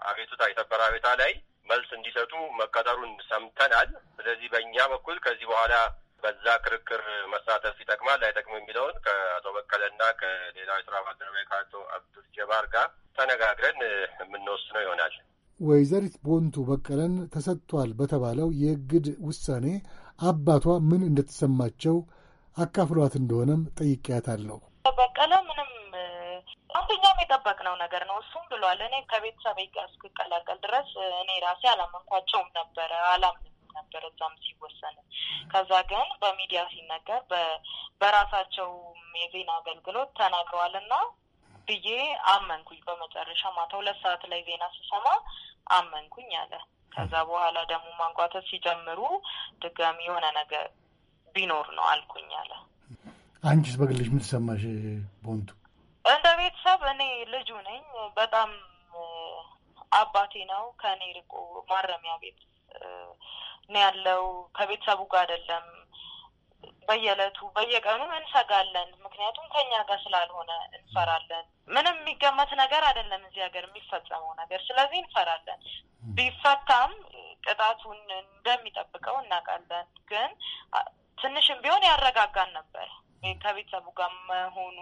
አቤቱታ የሰበር አቤታ ላይ መልስ እንዲሰጡ መቀጠሩን ሰምተናል። ስለዚህ በእኛ በኩል ከዚህ በኋላ በዛ ክርክር መሳተፍ ይጠቅማል አይጠቅም የሚለውን ከአቶ በቀለና ከሌላ የስራ ባልደረባ ከአቶ አብዱል ጀባር ጋር ተነጋግረን የምንወስነው ይሆናል። ወይዘሪት ቦንቱ በቀለን ተሰጥቷል በተባለው የእግድ ውሳኔ አባቷ ምን እንደተሰማቸው አካፍሏት እንደሆነም ጠይቄያታለሁ። በቀለ ምንም አንደኛም የጠበቅነው ነገር ነው። እሱም ብሏል። እኔ ከቤተሰብ ጋር እስክቀላቀል ድረስ እኔ ራሴ አላመንኳቸውም ነበረ አላምንም ነበር እዛም ሲወሰን። ከዛ ግን በሚዲያ ሲነገር በራሳቸው የዜና አገልግሎት ተናግረዋል እና ብዬ አመንኩኝ። በመጨረሻ ማታ ሁለት ሰዓት ላይ ዜና ስሰማ አመንኩኝ አለ። ከዛ በኋላ ደግሞ ማንቋተት ሲጀምሩ ድጋሚ የሆነ ነገር ቢኖር ነው አልኩኝ አለ። አንቺስ በግልሽ ምን ተሰማሽ? ቦንቱ እንደ ቤተሰብ እኔ ልጁ ነኝ። በጣም አባቴ ነው ከእኔ ርቆ ማረሚያ ቤት ነው ያለው። ከቤተሰቡ ጋር አይደለም በየዕለቱ በየቀኑ እንሰጋለን። ምክንያቱም ከኛ ጋር ስላልሆነ እንፈራለን። ምንም የሚገመት ነገር አይደለም እዚህ ሀገር የሚፈጸመው ነገር። ስለዚህ እንፈራለን። ቢፈታም ቅጣቱን እንደሚጠብቀው እናውቃለን። ግን ትንሽም ቢሆን ያረጋጋን ነበር ከቤተሰቡ ጋር መሆኑ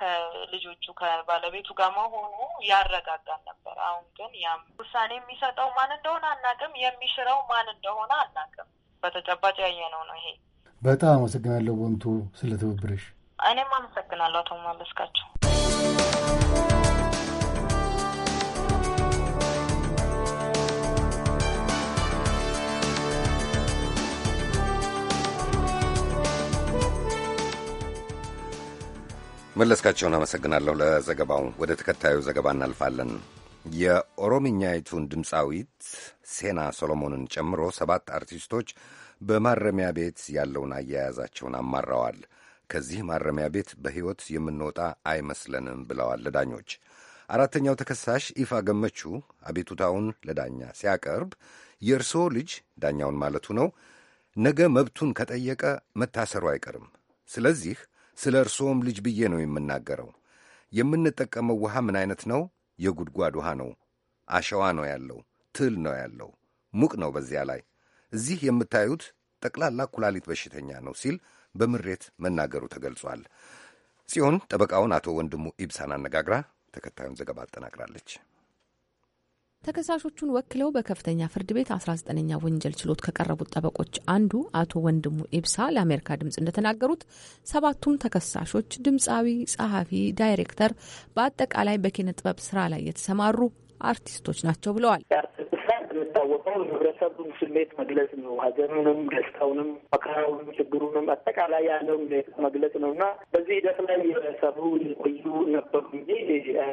ከልጆቹ ከባለቤቱ ጋር መሆኑ ያረጋጋል ነበር። አሁን ግን ያም ውሳኔ የሚሰጠው ማን እንደሆነ አናውቅም፣ የሚሽረው ማን እንደሆነ አናውቅም። በተጨባጭ ያየነው ነው ይሄ። በጣም አመሰግናለሁ ወንቱ ስለ ትብብርሽ። እኔም አመሰግናለሁ አቶ መለስካቸው። መለስካቸውን አመሰግናለሁ ለዘገባው። ወደ ተከታዩ ዘገባ እናልፋለን። የኦሮምኛይቱን ድምፃዊት ሴና ሶሎሞንን ጨምሮ ሰባት አርቲስቶች በማረሚያ ቤት ያለውን አያያዛቸውን አማረዋል። ከዚህ ማረሚያ ቤት በሕይወት የምንወጣ አይመስለንም ብለዋል ለዳኞች። አራተኛው ተከሳሽ ኢፋ ገመቹ አቤቱታውን ለዳኛ ሲያቀርብ የእርሶ ልጅ ዳኛውን ማለቱ ነው ነገ መብቱን ከጠየቀ መታሰሩ አይቀርም። ስለዚህ ስለ እርሶም ልጅ ብዬ ነው የምናገረው። የምንጠቀመው ውሃ ምን አይነት ነው? የጉድጓድ ውሃ ነው። አሸዋ ነው ያለው። ትል ነው ያለው። ሙቅ ነው። በዚያ ላይ እዚህ የምታዩት ጠቅላላ ኩላሊት በሽተኛ ነው ሲል በምሬት መናገሩ ተገልጿል። ሲሆን ጠበቃውን አቶ ወንድሙ ኢብሳን አነጋግራ ተከታዩን ዘገባ አጠናቅራለች። ተከሳሾቹን ወክለው በከፍተኛ ፍርድ ቤት 19ኛ ወንጀል ችሎት ከቀረቡት ጠበቆች አንዱ አቶ ወንድሙ ኤብሳ ለአሜሪካ ድምፅ እንደተናገሩት ሰባቱም ተከሳሾች ድምፃዊ፣ ጸሐፊ፣ ዳይሬክተር፣ በአጠቃላይ በኪነ ጥበብ ስራ ላይ የተሰማሩ አርቲስቶች ናቸው ብለዋል። እንደሚታወቀው የህብረተሰቡን ስሜት መግለጽ ነው። ሀዘኑንም፣ ደስታውንም፣ መከራውንም፣ ችግሩንም አጠቃላይ ያለው መግለጽ ነው እና በዚህ ሂደት ላይ የሰሩ ቆዩ ነበሩ እንጂ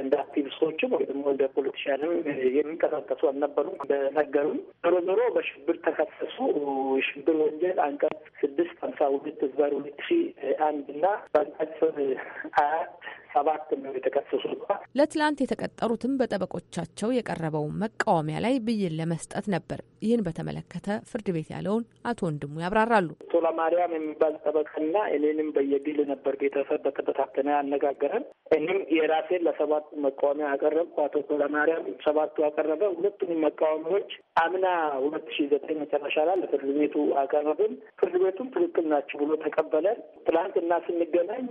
እንደ አክቲቪስቶችም ወይ ደግሞ እንደ ፖለቲሻንም የሚንቀሳቀሱ አልነበሩም። እንደነገሩም ዞሮ ዞሮ በሽብር ተከሰሱ። የሽብር ወንጀል አንቀጽ ስድስት ሀምሳ ሁለት ህዝባር ሁለት ሺ አንድ ና በአንጻር አራት ሰባት ነው የተከሰሱት። ለትላንት የተቀጠሩትም በጠበቆቻቸው የቀረበው መቃወሚያ ላይ ብይን ለመስጠት ነበር። ይህን በተመለከተ ፍርድ ቤት ያለውን አቶ ወንድሙ ያብራራሉ። ቶላ ማርያም የሚባል ጠበቃና እኔንም በየግል ነበር ቤተሰብ በተበታተነ ያነጋገረን። እኔም የራሴን ለሰባቱ መቃወሚያ አቀረብኩ። አቶ ቶላ ማርያም ሰባቱ አቀረበ። ሁለቱንም መቃወሚያዎች አምና ሁለት ሺ ዘጠኝ መጨረሻ ላይ ለፍርድ ቤቱ አቀረብን። ፍርድ ቤቱ ሁለቱም ትክክል ናቸው ብሎ ተቀበለን። ትላንትና ስንገናኝ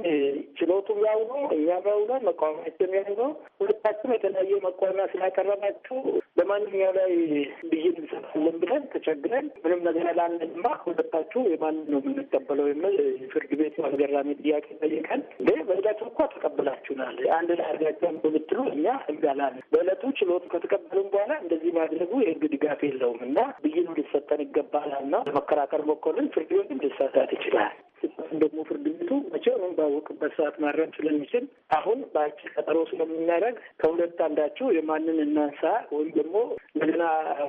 ችሎቱም ያው ነው፣ እኛም ያው ነው፣ መቃወሚያቸውም ያው ነው። ሁለታችን የተለያየ መቃወሚያ ስላቀረባችሁ በማንኛው ላይ ብይን እንሰጣለን ብለን ተቸግረን ምንም ነገር ያላለንማ ሁለታችሁ የማን ነው የምንቀበለው የሚል ፍርድ ቤቱ አስገራሚ ጥያቄ ጠይቀን በእለቱ እኳ ተቀብላችሁናል አንድ ላይ አድርጋችሁ በምትሉ እኛ እንጋላለን። በእለቱ ችሎቱ ከተቀበሉም በኋላ እንደዚህ ማድረጉ የህግ ድጋፍ የለውም እና ብይኑ ሊሰጠን ይገባላል ነው ለመከራከር ሞከርን። ፍርድ ቤቱ ሊሳሳት ይችላል። ሲባል ደግሞ ፍርድ ቤቱ መቼውንም ባወቅበት ሰዓት ማድረግ ስለሚችል አሁን በአጭ ቀጠሮ ስለምናደርግ ከሁለት አንዳችሁ የማንን እናንሳ ወይም ደግሞ እንደገና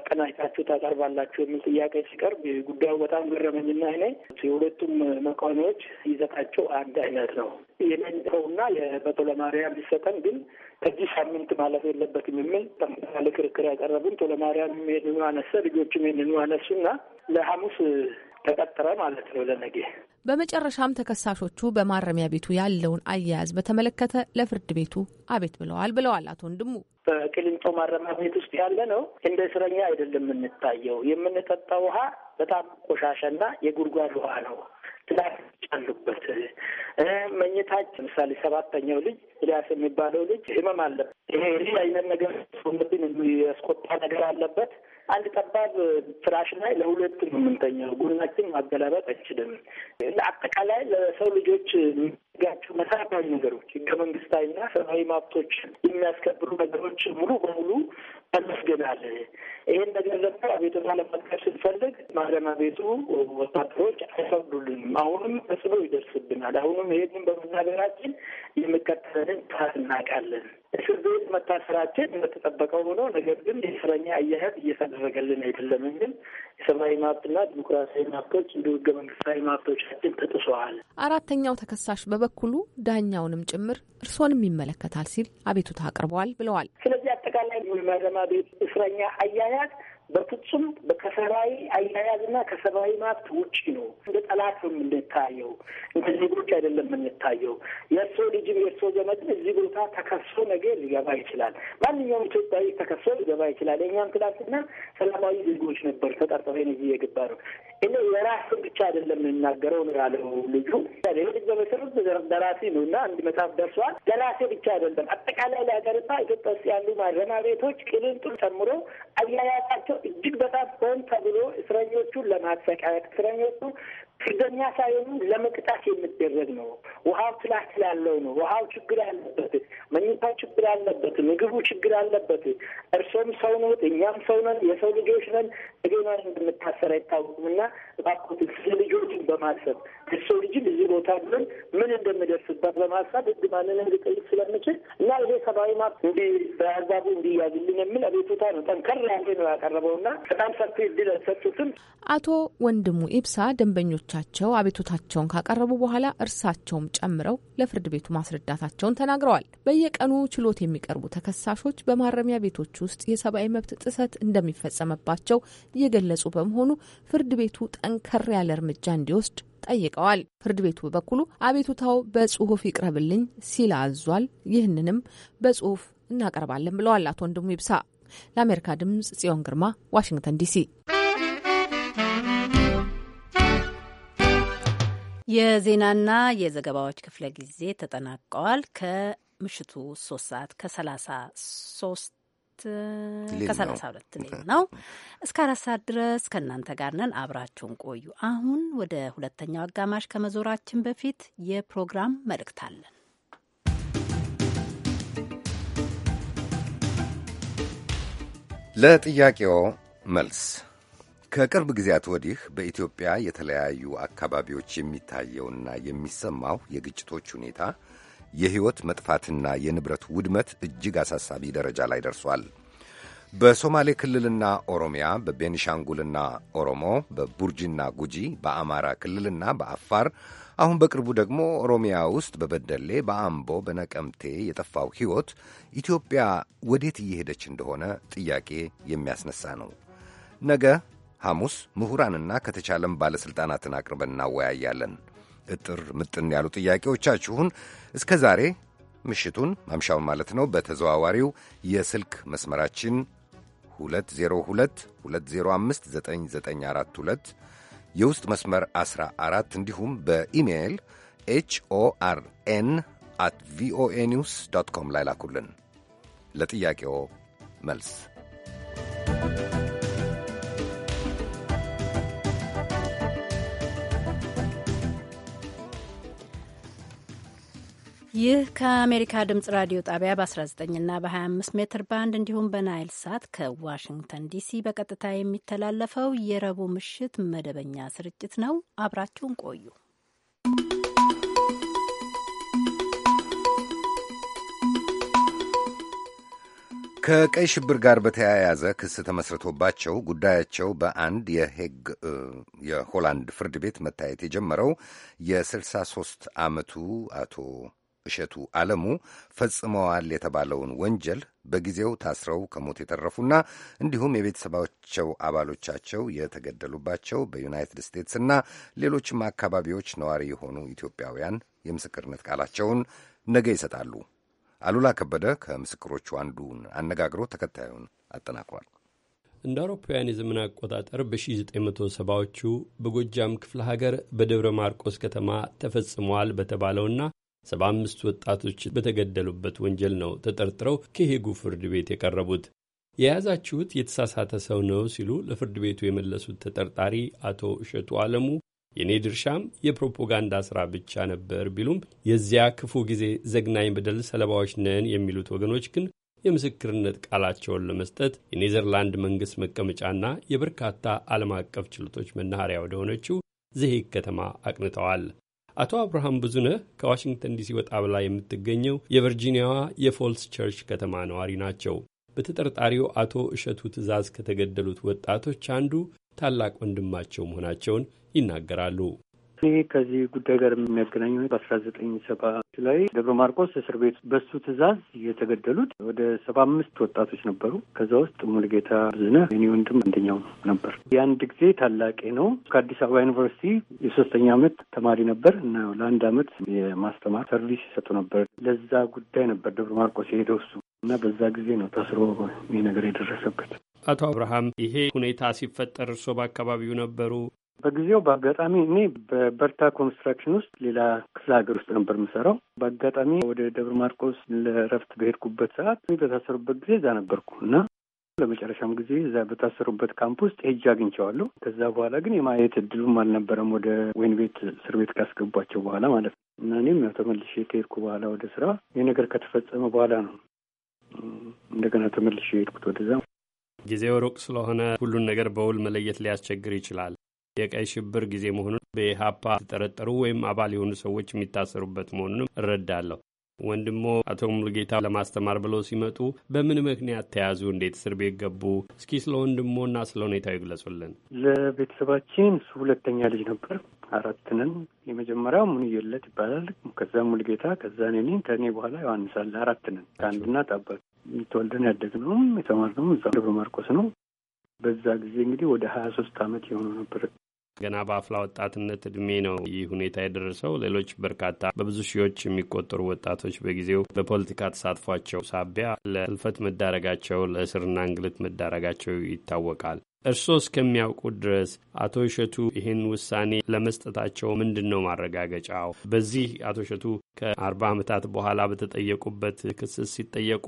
ቀናጅታችሁ ታቀርባላችሁ የሚል ጥያቄ ሲቀርብ ጉዳዩ በጣም ገረመኝና እኔ የሁለቱም መቃወሚያዎች ይዘታቸው አንድ አይነት ነው። የመንጠውና የመቶ ለማርያም ሊሰጠን ግን ከዚህ ሳምንት ማለፍ የለበትም የሚል ጠምቃ ክርክር ያቀረብን ቶለማርያም ይህንኑ አነሰ፣ ልጆችም ይህንኑ አነሱና ለሐሙስ ተቀጥረ ማለት ነው ለነገ። በመጨረሻም ተከሳሾቹ በማረሚያ ቤቱ ያለውን አያያዝ በተመለከተ ለፍርድ ቤቱ አቤት ብለዋል ብለዋል አቶ ወንድሙ። በቅሊንጦ ማረሚያ ቤት ውስጥ ያለ ነው እንደ እስረኛ አይደለም የምንታየው። የምንጠጣው ውሃ በጣም ቆሻሻና የጉድጓድ ውሃ ነው። ትላቶች አሉበት። መኝታች ለምሳሌ ሰባተኛው ልጅ ኢልያስ የሚባለው ልጅ ህመም አለበት። ይሄ ልጅ አይነት ነገር ያስቆጣ ነገር አለበት። አንድ ጠባብ ፍራሽ ላይ ለሁለት ነው የምንተኛው። ጎናችን ማገላበጥ አይችልም። አጠቃላይ ለሰው ልጆች ጋቸው መሰረታዊ ነገሮች ህገ መንግስታዊ መንግስታዊና ሰብአዊ መብቶች የሚያስከብሩ ነገሮች ሙሉ በሙሉ ተመስገናል። ይሄን ነገር ደግሞ አቤቱታ ለማቅረብ ስንፈልግ ማረሚያ ቤቱ ወታደሮች አይፈቅዱልንም። አሁንም ተጽዕኖ ይደርስብናል። አሁንም ይሄንን በመናገራችን የሚከተለንን ጥፋት እናውቃለን። እስር ቤት መታሰራችን እንደተጠበቀው ሆኖ ነገር ግን የእስረኛ አያያዝ እየተደረገልን አይደለም ግን የሰብአዊ መብትና ዲሞክራሲያዊ መብቶች እንዲሁ ህገ መንግስታዊ መብቶቻችን ተጥሰዋል። አራተኛው ተከሳሽ በበኩሉ ዳኛውንም ጭምር እርስዎንም ይመለከታል ሲል አቤቱታ አቅርበዋል ብለዋል። ስለዚህ አጠቃላይ ማረሚያ ቤት እስረኛ አያያዝ በፍጹም ከሰብአዊ አያያዝና ከሰብአዊ መብት ውጭ ነው። እንደ ጠላት ነው የምንታየው፣ እንደ ዜጎች አይደለም የምንታየው። የእርሶ ልጅም የእርሶ ዘመድም እዚህ ቦታ ተከሶ ነገ ሊገባ ይችላል። ማንኛውም ኢትዮጵያዊ ተከሶ ሊገባ ይችላል። የእኛም ትላንትና ሰላማዊ ዜጎች ነበር ተጠርጥረን እዚህ የገባ ነው እ የራስን ብቻ አይደለም የምንናገረው ነው ያለው ልጁ። ልጅ በመሰረት ደራሲ ነው እና አንድ መጽሐፍ ደርሷል። ደራሴ ብቻ አይደለም አጠቃላይ ለሀገርና ኢትዮጵያ ውስጥ ያሉ ማረሚያ ቤቶች ቅልንጡን ጨምሮ አያያዛቸው እጅግ በጣም ሆን ተብሎ እስረኞቹን ለማሰቃየት እስረኞቹ ጥገኛ ሳይሆኑ ለመቅጣት የሚደረግ ነው። ውሃው ትላት ስላለው ነው። ውሃው ችግር አለበት፣ መኝታው ችግር አለበት፣ ምግቡ ችግር አለበት። እርሶም ሰው ነዎት፣ እኛም ሰው ነን፣ የሰው ልጆች ነን። ጥገኛ እንደምታሰር አይታወቅም እና እባክዎት ልጆችን በማሰብ የሰው ልጅ እዚህ ቦታ ብለን ምን እንደምደርስበት በማሰብ ህግ ማንን ሊጠይቅ ስለምችል እና ይሄ ሰብአዊ መብት እንዲ በአግባቡ እንዲያዝልን የሚል አቤቱታ ነው። ጠንከር ያለ ነው ያቀረበውና በጣም ሰፊ እድል አልሰጡትም። አቶ ወንድሙ ኢብሳ ደንበኞች ደንበኞቻቸው አቤቱታቸውን ካቀረቡ በኋላ እርሳቸውም ጨምረው ለፍርድ ቤቱ ማስረዳታቸውን ተናግረዋል። በየቀኑ ችሎት የሚቀርቡ ተከሳሾች በማረሚያ ቤቶች ውስጥ የሰብአዊ መብት ጥሰት እንደሚፈጸምባቸው እየገለጹ በመሆኑ ፍርድ ቤቱ ጠንከር ያለ እርምጃ እንዲወስድ ጠይቀዋል። ፍርድ ቤቱ በበኩሉ አቤቱታው በጽሁፍ ይቅረብልኝ ሲል አዟል። ይህንንም በጽሁፍ እናቀርባለን ብለዋል አቶ ወንድሙ ይብሳ። ለአሜሪካ ድምጽ ጽዮን ግርማ ዋሽንግተን ዲሲ። የዜናና የዘገባዎች ክፍለ ጊዜ ተጠናቀዋል። ከምሽቱ ሶስት ሰዓት ከሰላሳ ሶስት ከሰላሳ ሁለት ሌል ነው እስከ አራት ሰዓት ድረስ ከእናንተ ጋር ነን። አብራችሁን ቆዩ። አሁን ወደ ሁለተኛው አጋማሽ ከመዞራችን በፊት የፕሮግራም መልእክት አለን። ለጥያቄው መልስ ከቅርብ ጊዜያት ወዲህ በኢትዮጵያ የተለያዩ አካባቢዎች የሚታየውና የሚሰማው የግጭቶች ሁኔታ የሕይወት መጥፋትና የንብረት ውድመት እጅግ አሳሳቢ ደረጃ ላይ ደርሷል። በሶማሌ ክልልና ኦሮሚያ፣ በቤኒሻንጉልና ኦሮሞ፣ በቡርጂና ጉጂ፣ በአማራ ክልልና በአፋር አሁን በቅርቡ ደግሞ ኦሮሚያ ውስጥ በበደሌ፣ በአምቦ፣ በነቀምቴ የጠፋው ሕይወት ኢትዮጵያ ወዴት እየሄደች እንደሆነ ጥያቄ የሚያስነሳ ነው። ነገ ሐሙስ ምሁራንና ከተቻለም ባለሥልጣናትን አቅርበን እናወያያለን። እጥር ምጥን ያሉ ጥያቄዎቻችሁን እስከ ዛሬ ምሽቱን ማምሻውን ማለት ነው በተዘዋዋሪው የስልክ መስመራችን 2022059942 የውስጥ መስመር 14 እንዲሁም በኢሜይል ኤች ኦ አት ቪኦኤ ኒውስ ዶት ኮም ላይ ላኩልን። ለጥያቄዎ መልስ ይህ ከአሜሪካ ድምጽ ራዲዮ ጣቢያ በ19 እና በ25 ሜትር ባንድ እንዲሁም በናይል ሳት ከዋሽንግተን ዲሲ በቀጥታ የሚተላለፈው የረቡዕ ምሽት መደበኛ ስርጭት ነው። አብራችሁን ቆዩ። ከቀይ ሽብር ጋር በተያያዘ ክስ ተመስርቶባቸው ጉዳያቸው በአንድ የሄግ የሆላንድ ፍርድ ቤት መታየት የጀመረው የ63 ዓመቱ አቶ እሸቱ ዓለሙ ፈጽመዋል የተባለውን ወንጀል በጊዜው ታስረው ከሞት የተረፉና እንዲሁም የቤተሰባቸው አባሎቻቸው የተገደሉባቸው በዩናይትድ ስቴትስና ሌሎችም አካባቢዎች ነዋሪ የሆኑ ኢትዮጵያውያን የምስክርነት ቃላቸውን ነገ ይሰጣሉ። አሉላ ከበደ ከምስክሮቹ አንዱን አነጋግሮ ተከታዩን አጠናቅሯል። እንደ አውሮፓውያን የዘመን አቆጣጠር በ1970ዎቹ በጎጃም ክፍለ ሀገር በደብረ ማርቆስ ከተማ ተፈጽመዋል በተባለውና ሰባ አምስት ወጣቶች በተገደሉበት ወንጀል ነው ተጠርጥረው ከሄጉ ፍርድ ቤት የቀረቡት። የያዛችሁት የተሳሳተ ሰው ነው ሲሉ ለፍርድ ቤቱ የመለሱት ተጠርጣሪ አቶ እሸቱ አለሙ የእኔ ድርሻም የፕሮፓጋንዳ ሥራ ብቻ ነበር ቢሉም የዚያ ክፉ ጊዜ ዘግናኝ በደል ሰለባዎች ነን የሚሉት ወገኖች ግን የምስክርነት ቃላቸውን ለመስጠት የኔዘርላንድ መንግሥት መቀመጫና የበርካታ ዓለም አቀፍ ችሎቶች መናኸሪያ ወደ ሆነችው ዘሄግ ከተማ አቅንተዋል። አቶ አብርሃም ብዙነህ ከዋሽንግተን ዲሲ ወጣ ብላ የምትገኘው የቨርጂኒያዋ የፎልስ ቸርች ከተማ ነዋሪ ናቸው። በተጠርጣሪው አቶ እሸቱ ትዕዛዝ ከተገደሉት ወጣቶች አንዱ ታላቅ ወንድማቸው መሆናቸውን ይናገራሉ። ይህ ከዚህ ጉዳይ ጋር የሚያገናኘው በአስራ ዘጠኝ ሰባ ላይ ደብረ ማርቆስ እስር ቤት በሱ ትእዛዝ የተገደሉት ወደ ሰባ አምስት ወጣቶች ነበሩ። ከዛ ውስጥ ሙልጌታ ብዙነህ የኔ ወንድም አንደኛው ነበር። የአንድ ጊዜ ታላቄ ነው። ከአዲስ አበባ ዩኒቨርሲቲ የሶስተኛ ዓመት ተማሪ ነበር እና ለአንድ አመት የማስተማር ሰርቪስ ይሰጡ ነበር። ለዛ ጉዳይ ነበር ደብረ ማርቆስ የሄደው እሱ እና በዛ ጊዜ ነው ታስሮ ይህ ነገር የደረሰበት። አቶ አብርሃም፣ ይሄ ሁኔታ ሲፈጠር እርስዎ በአካባቢው ነበሩ? በጊዜው በአጋጣሚ እኔ በበርታ ኮንስትራክሽን ውስጥ ሌላ ክፍለ ሀገር ውስጥ ነበር የምሰራው። በአጋጣሚ ወደ ደብረ ማርቆስ ለእረፍት በሄድኩበት ሰዓት በታሰሩበት ጊዜ እዛ ነበርኩ እና ለመጨረሻም ጊዜ እዛ በታሰሩበት ካምፕ ውስጥ ሄጅ አግኝቸዋለሁ። ከዛ በኋላ ግን የማየት እድሉም አልነበረም ወደ ወይን ቤት እስር ቤት ካስገቧቸው በኋላ ማለት ነው። እና እኔም ያው ተመልሼ ከሄድኩ በኋላ ወደ ስራ ይህ ነገር ከተፈጸመ በኋላ ነው እንደገና ተመልሼ የሄድኩት ወደዛ። ጊዜው ሩቅ ስለሆነ ሁሉን ነገር በውል መለየት ሊያስቸግር ይችላል። የቀይ ሽብር ጊዜ መሆኑን በኢህአፓ የተጠረጠሩ ወይም አባል የሆኑ ሰዎች የሚታሰሩበት መሆኑንም እረዳለሁ። ወንድሞ አቶ ሙሉጌታ ለማስተማር ብለው ሲመጡ በምን ምክንያት ተያዙ? እንዴት እስር ቤት ገቡ? እስኪ ስለ ወንድሞና ስለ ሁኔታው ይግለጹልን። ለቤተሰባችን እሱ ሁለተኛ ልጅ ነበር። አራት ነን። የመጀመሪያው የለት ይባላል። ከዛ ሙሉጌታ፣ ከዛ እኔ፣ ከእኔ በኋላ ዮሐንስ አለ። አራት ነን ከአንድ እናት አባት። ተወልደን ያደግነውም የተማርነውም እዛው ደብረ ማርቆስ ነው። በዛ ጊዜ እንግዲህ ወደ ሀያ ሶስት አመት የሆኑ ነበር ገና በአፍላ ወጣትነት እድሜ ነው ይህ ሁኔታ የደረሰው። ሌሎች በርካታ በብዙ ሺዎች የሚቆጠሩ ወጣቶች በጊዜው በፖለቲካ ተሳትፏቸው ሳቢያ ለህልፈት መዳረጋቸው፣ ለእስርና እንግልት መዳረጋቸው ይታወቃል። እርስዎ እስከሚያውቁት ድረስ አቶ እሸቱ ይህን ውሳኔ ለመስጠታቸው ምንድን ነው ማረጋገጫው? በዚህ አቶ እሸቱ ከአርባ ዓመታት በኋላ በተጠየቁበት ክስስ ሲጠየቁ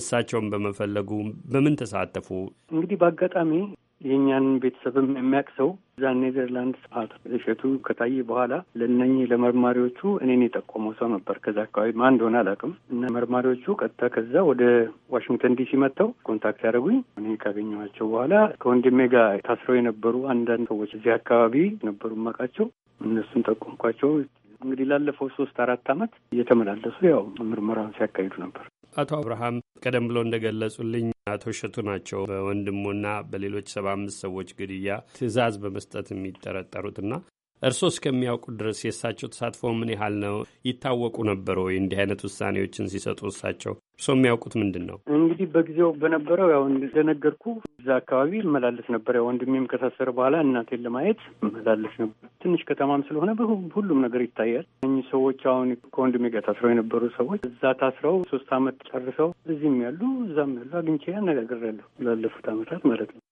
እሳቸውን በመፈለጉ በምን ተሳተፉ? እንግዲህ በአጋጣሚ የእኛን ቤተሰብም የሚያውቅ ሰው እዛ ኔዘርላንድስ ፓርት እሸቱ ከታየ በኋላ ለእነኚህ ለመርማሪዎቹ እኔን የጠቆመው ሰው ነበር። ከዛ አካባቢ ማን እንደሆነ አላውቅም። እና መርማሪዎቹ ቀጥታ ከዛ ወደ ዋሽንግተን ዲሲ መጥተው ኮንታክት ያደረጉኝ እኔ ካገኘኋቸው በኋላ ከወንድሜ ጋር ታስረው የነበሩ አንዳንድ ሰዎች እዚህ አካባቢ ነበሩ የማውቃቸው፣ እነሱን ጠቆምኳቸው። እንግዲህ ላለፈው ሶስት አራት አመት እየተመላለሱ ያው ምርመራውን ሲያካሂዱ ነበር። አቶ አብርሃም ቀደም ብሎ እንደገለጹልኝ አቶ እሸቱ ናቸው በወንድሙና በሌሎች ሰባ አምስት ሰዎች ግድያ ትዕዛዝ በመስጠት የሚጠረጠሩትና እርስዎ እስከሚያውቁ ድረስ የእሳቸው ተሳትፎ ምን ያህል ነው? ይታወቁ ነበር ወይ? እንዲህ አይነት ውሳኔዎችን ሲሰጡ እሳቸው እርስዎ የሚያውቁት ምንድን ነው? እንግዲህ በጊዜው በነበረው ያው እንደነገርኩ እዛ አካባቢ እመላለስ ነበር። ያው ወንድሜም ከታሰረ በኋላ እናቴን ለማየት እመላለስ ነበር። ትንሽ ከተማም ስለሆነ ሁሉም ነገር ይታያል። እኚህ ሰዎች አሁን ከወንድሜ ጋር ታስረው የነበሩ ሰዎች እዛ ታስረው ሶስት አመት ጨርሰው እዚህም ያሉ እዛም ያሉ አግኝቼ አነጋግሬያለሁ ላለፉት አመታት ማለት ነው።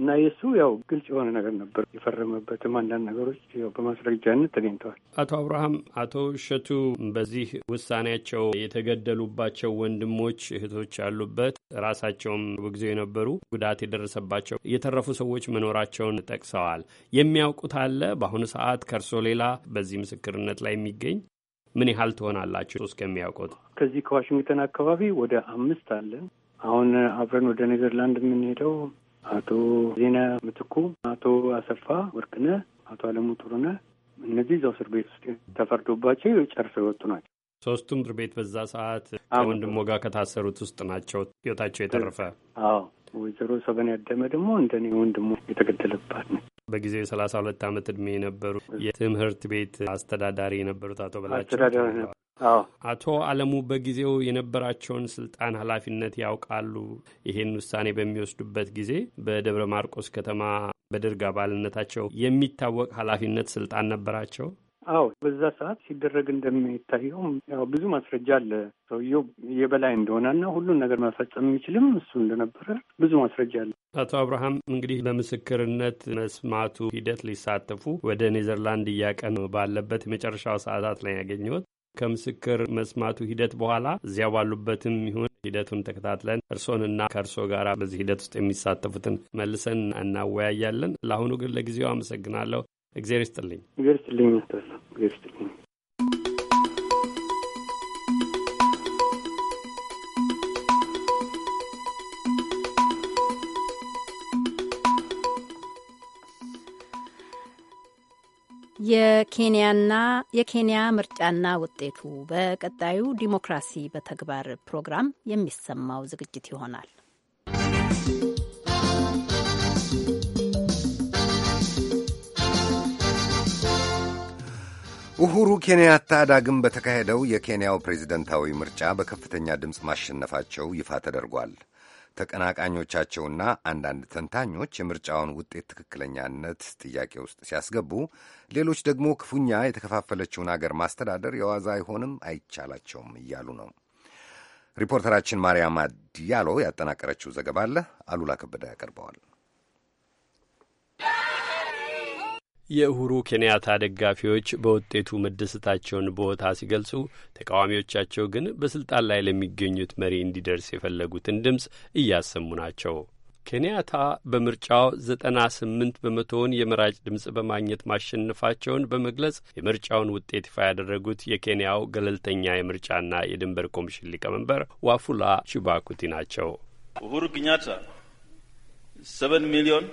እና የእሱ ያው ግልጽ የሆነ ነገር ነበር። የፈረመበትም አንዳንድ ነገሮች ያው በማስረጃነት ተገኝተዋል። አቶ አብርሃም፣ አቶ እሸቱ በዚህ ውሳኔያቸው የተገደሉባቸው ወንድሞች እህቶች ያሉበት ራሳቸውም በጊዜው የነበሩ ጉዳት የደረሰባቸው የተረፉ ሰዎች መኖራቸውን ጠቅሰዋል። የሚያውቁት አለ በአሁኑ ሰዓት ከእርሶ ሌላ በዚህ ምስክርነት ላይ የሚገኝ ምን ያህል ትሆናላችሁ እስከሚያውቁት? ከዚህ ከዋሽንግተን አካባቢ ወደ አምስት አለን። አሁን አብረን ወደ ኔዘርላንድ የምንሄደው አቶ ዜና ምትኩ፣ አቶ አሰፋ ወርቅነ አቶ አለሙ ጥሩነ እነዚህ እዛው እስር ቤት ውስጥ ተፈርዶባቸው ጨርሰው የወጡ ናቸው። ሶስቱም እስር ቤት በዛ ሰዓት ከወንድሞ ጋር ከታሰሩት ውስጥ ናቸው ህይወታቸው የተረፈ። አዎ ወይዘሮ ሰበን ያደመ ደግሞ እንደኔ ወንድሞ የተገደለባት ነው። በጊዜው የሰላሳ ሁለት አመት እድሜ የነበሩ የትምህርት ቤት አስተዳዳሪ የነበሩት አቶ በላቸው አቶ አለሙ በጊዜው የነበራቸውን ስልጣን ኃላፊነት ያውቃሉ። ይሄን ውሳኔ በሚወስዱበት ጊዜ በደብረ ማርቆስ ከተማ በደርግ አባልነታቸው የሚታወቅ ኃላፊነት ስልጣን ነበራቸው። አዎ በዛ ሰዓት ሲደረግ እንደሚታየው ያው ብዙ ማስረጃ አለ። ሰውየው የበላይ እንደሆነና ሁሉን ነገር መፈጸም የሚችልም እሱ እንደነበረ ብዙ ማስረጃ አለ። አቶ አብርሃም እንግዲህ በምስክርነት መስማቱ ሂደት ሊሳተፉ ወደ ኔዘርላንድ እያቀኑ ባለበት የመጨረሻው ሰዓታት ላይ ያገኘሁት ከምስክር መስማቱ ሂደት በኋላ እዚያ ባሉበትም ይሁን ሂደቱን ተከታትለን እርስዎንና ከእርስዎ ጋር በዚህ ሂደት ውስጥ የሚሳተፉትን መልሰን እናወያያለን። ለአሁኑ ግን ለጊዜው አመሰግናለሁ። እግዜር ይስጥልኝ። እግዜር ይስጥልኝ። የኬንያና የኬንያ ምርጫና ውጤቱ በቀጣዩ ዲሞክራሲ በተግባር ፕሮግራም የሚሰማው ዝግጅት ይሆናል። ኡሁሩ ኬንያታ ዳግም በተካሄደው የኬንያው ፕሬዝደንታዊ ምርጫ በከፍተኛ ድምፅ ማሸነፋቸው ይፋ ተደርጓል። ተቀናቃኞቻቸውና አንዳንድ ተንታኞች የምርጫውን ውጤት ትክክለኛነት ጥያቄ ውስጥ ሲያስገቡ፣ ሌሎች ደግሞ ክፉኛ የተከፋፈለችውን አገር ማስተዳደር የዋዛ አይሆንም አይቻላቸውም እያሉ ነው። ሪፖርተራችን ማርያም አዲያሎ ያጠናቀረችው ዘገባ አለ አሉላ ከበደ ያቀርበዋል። የእሁሩ ኬንያታ ደጋፊዎች በውጤቱ መደሰታቸውን ቦታ ሲገልጹ፣ ተቃዋሚዎቻቸው ግን በስልጣን ላይ ለሚገኙት መሪ እንዲደርስ የፈለጉትን ድምፅ እያሰሙ ናቸው። ኬንያታ በምርጫው ዘጠና ስምንት በመቶውን የመራጭ ድምፅ በማግኘት ማሸነፋቸውን በመግለጽ የምርጫውን ውጤት ይፋ ያደረጉት የኬንያው ገለልተኛ የምርጫና የድንበር ኮሚሽን ሊቀመንበር ዋፉላ ቺባኩቲ ናቸው። ኡሁሩ ኬንያታ ሚሊዮን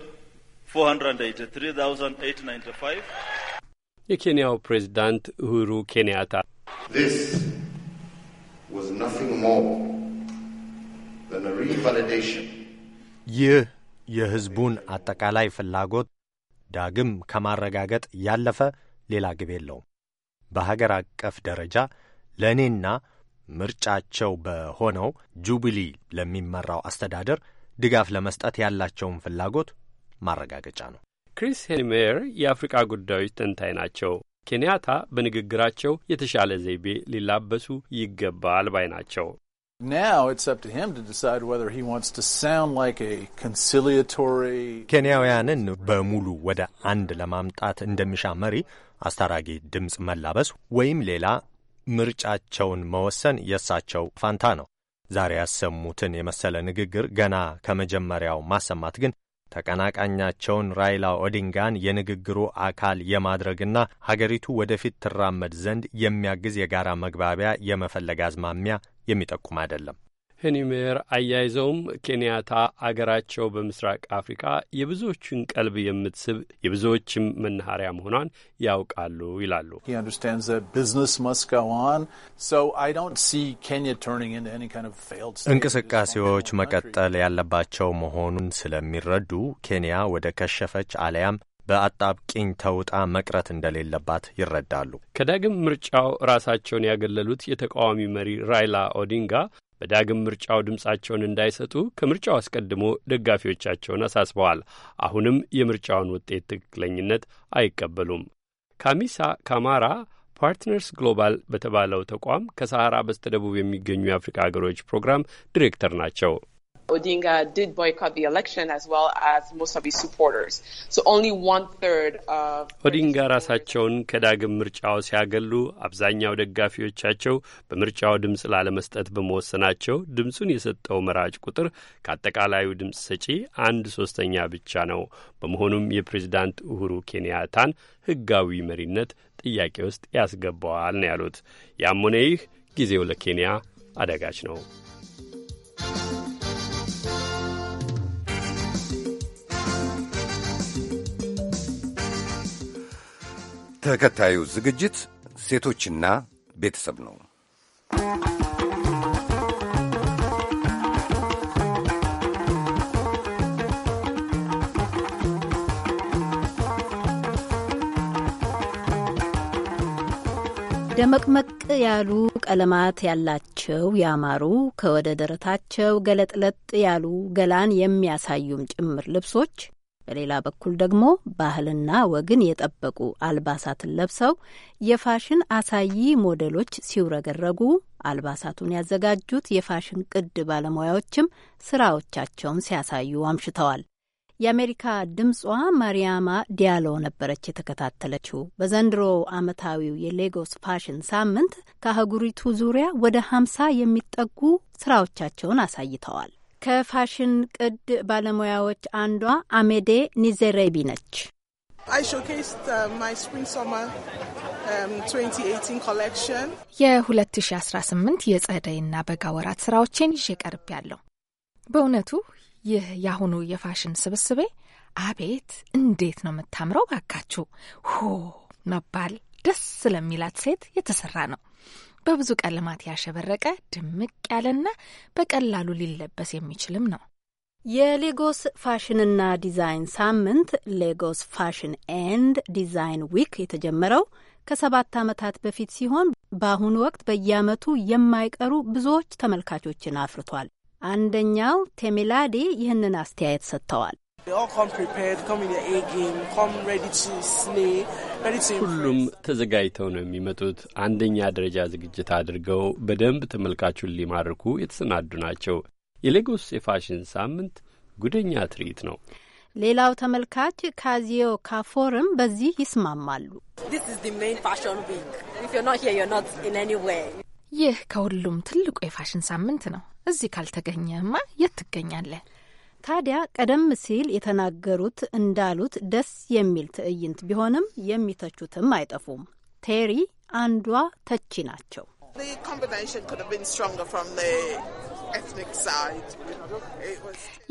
483895 የኬንያው ፕሬዝዳንት እሁሩ ኬንያታ ይህ የሕዝቡን አጠቃላይ ፍላጎት ዳግም ከማረጋገጥ ያለፈ ሌላ ግብ የለውም። በሀገር አቀፍ ደረጃ ለእኔና ምርጫቸው በሆነው ጁቢሊ ለሚመራው አስተዳደር ድጋፍ ለመስጠት ያላቸውን ፍላጎት ማረጋገጫ ነው። ክሪስ ሄልሜየር የአፍሪቃ ጉዳዮች ተንታኝ ናቸው። ኬንያታ በንግግራቸው የተሻለ ዘይቤ ሊላበሱ ይገባል ባይ ናቸው። ኬንያውያንን በሙሉ ወደ አንድ ለማምጣት እንደሚሻ መሪ አስታራጊ ድምፅ መላበስ ወይም ሌላ ምርጫቸውን መወሰን የእሳቸው ፋንታ ነው። ዛሬ ያሰሙትን የመሰለ ንግግር ገና ከመጀመሪያው ማሰማት ግን ተቀናቃኛቸውን ራይላ ኦዲንጋን የንግግሩ አካል የማድረግና ሀገሪቱ ወደፊት ትራመድ ዘንድ የሚያግዝ የጋራ መግባቢያ የመፈለግ አዝማሚያ የሚጠቁም አይደለም። ሄኒሜር አያይዘውም ኬንያታ አገራቸው በምስራቅ አፍሪካ የብዙዎችን ቀልብ የምትስብ የብዙዎችም መናኸሪያ መሆኗን ያውቃሉ ይላሉ። እንቅስቃሴዎች መቀጠል ያለባቸው መሆኑን ስለሚረዱ ኬንያ ወደ ከሸፈች አለያም በአጣብቂኝ ተውጣ መቅረት እንደሌለባት ይረዳሉ። ከዳግም ምርጫው ራሳቸውን ያገለሉት የተቃዋሚ መሪ ራይላ ኦዲንጋ በዳግም ምርጫው ድምፃቸውን እንዳይሰጡ ከምርጫው አስቀድሞ ደጋፊዎቻቸውን አሳስበዋል። አሁንም የምርጫውን ውጤት ትክክለኝነት አይቀበሉም። ካሚሳ ካማራ ፓርትነርስ ግሎባል በተባለው ተቋም ከሰሃራ በስተደቡብ የሚገኙ የአፍሪካ ሀገሮች ፕሮግራም ዲሬክተር ናቸው። Odinga did boycott the election as well as most of his supporters. So only one third of ኦዲንጋ ራሳቸውን ከዳግም ምርጫው ሲያገሉ አብዛኛው ደጋፊዎቻቸው በምርጫው ድምፅ ላለመስጠት በመወሰናቸው ድምፁን የሰጠው መራጭ ቁጥር ከአጠቃላዩ ድምፅ ሰጪ አንድ ሶስተኛ ብቻ ነው። በመሆኑም የፕሬዚዳንት ኡሁሩ ኬንያታን ህጋዊ መሪነት ጥያቄ ውስጥ ያስገባዋል ነው ያሉት። ያም ሆነ ይህ ጊዜው ለኬንያ አደጋች ነው። ተከታዩ ዝግጅት ሴቶችና ቤተሰብ ነው። ደመቅመቅ ያሉ ቀለማት ያላቸው ያማሩ ከወደ ደረታቸው ገለጥለጥ ያሉ ገላን የሚያሳዩም ጭምር ልብሶች በሌላ በኩል ደግሞ ባህልና ወግን የጠበቁ አልባሳትን ለብሰው የፋሽን አሳይ ሞዴሎች ሲውረገረጉ፣ አልባሳቱን ያዘጋጁት የፋሽን ቅድ ባለሙያዎችም ስራዎቻቸውን ሲያሳዩ አምሽተዋል። የአሜሪካ ድምጿ ማሪያማ ዲያሎ ነበረች የተከታተለችው። በዘንድሮ ዓመታዊው የሌጎስ ፋሽን ሳምንት ከአህጉሪቱ ዙሪያ ወደ ሀምሳ የሚጠጉ ስራዎቻቸውን አሳይተዋል። ከፋሽን ቅድ ባለሙያዎች አንዷ አሜዴ ኒዘሬቢ ነች። uh, um, የ2018 የጸደይና በጋ ወራት ስራዎቼን ይዤ ቀርብ ያለው በእውነቱ ይህ የአሁኑ የፋሽን ስብስቤ አቤት እንዴት ነው የምታምረው! ባካችሁ ሆ መባል ደስ ስለሚላት ሴት የተሰራ ነው። በብዙ ቀለማት ያሸበረቀ ድምቅ ያለና በቀላሉ ሊለበስ የሚችልም ነው። የሌጎስ ፋሽንና ዲዛይን ሳምንት ሌጎስ ፋሽን ኤንድ ዲዛይን ዊክ የተጀመረው ከሰባት ዓመታት በፊት ሲሆን በአሁኑ ወቅት በየዓመቱ የማይቀሩ ብዙዎች ተመልካቾችን አፍርቷል። አንደኛው ቴሜላዴ ይህንን አስተያየት ሰጥተዋል። ሁሉም ተዘጋጅተው ነው የሚመጡት። አንደኛ ደረጃ ዝግጅት አድርገው በደንብ ተመልካቹን ሊማርኩ የተሰናዱ ናቸው። የሌጎስ የፋሽን ሳምንት ጉደኛ ትርኢት ነው። ሌላው ተመልካች ካዚዮ ካፎርም በዚህ ይስማማሉ። ይህ ከሁሉም ትልቁ የፋሽን ሳምንት ነው። እዚህ ካልተገኘማ የት ትገኛለህ? ታዲያ ቀደም ሲል የተናገሩት እንዳሉት ደስ የሚል ትዕይንት ቢሆንም የሚተቹትም አይጠፉም። ቴሪ አንዷ ተቺ ናቸው።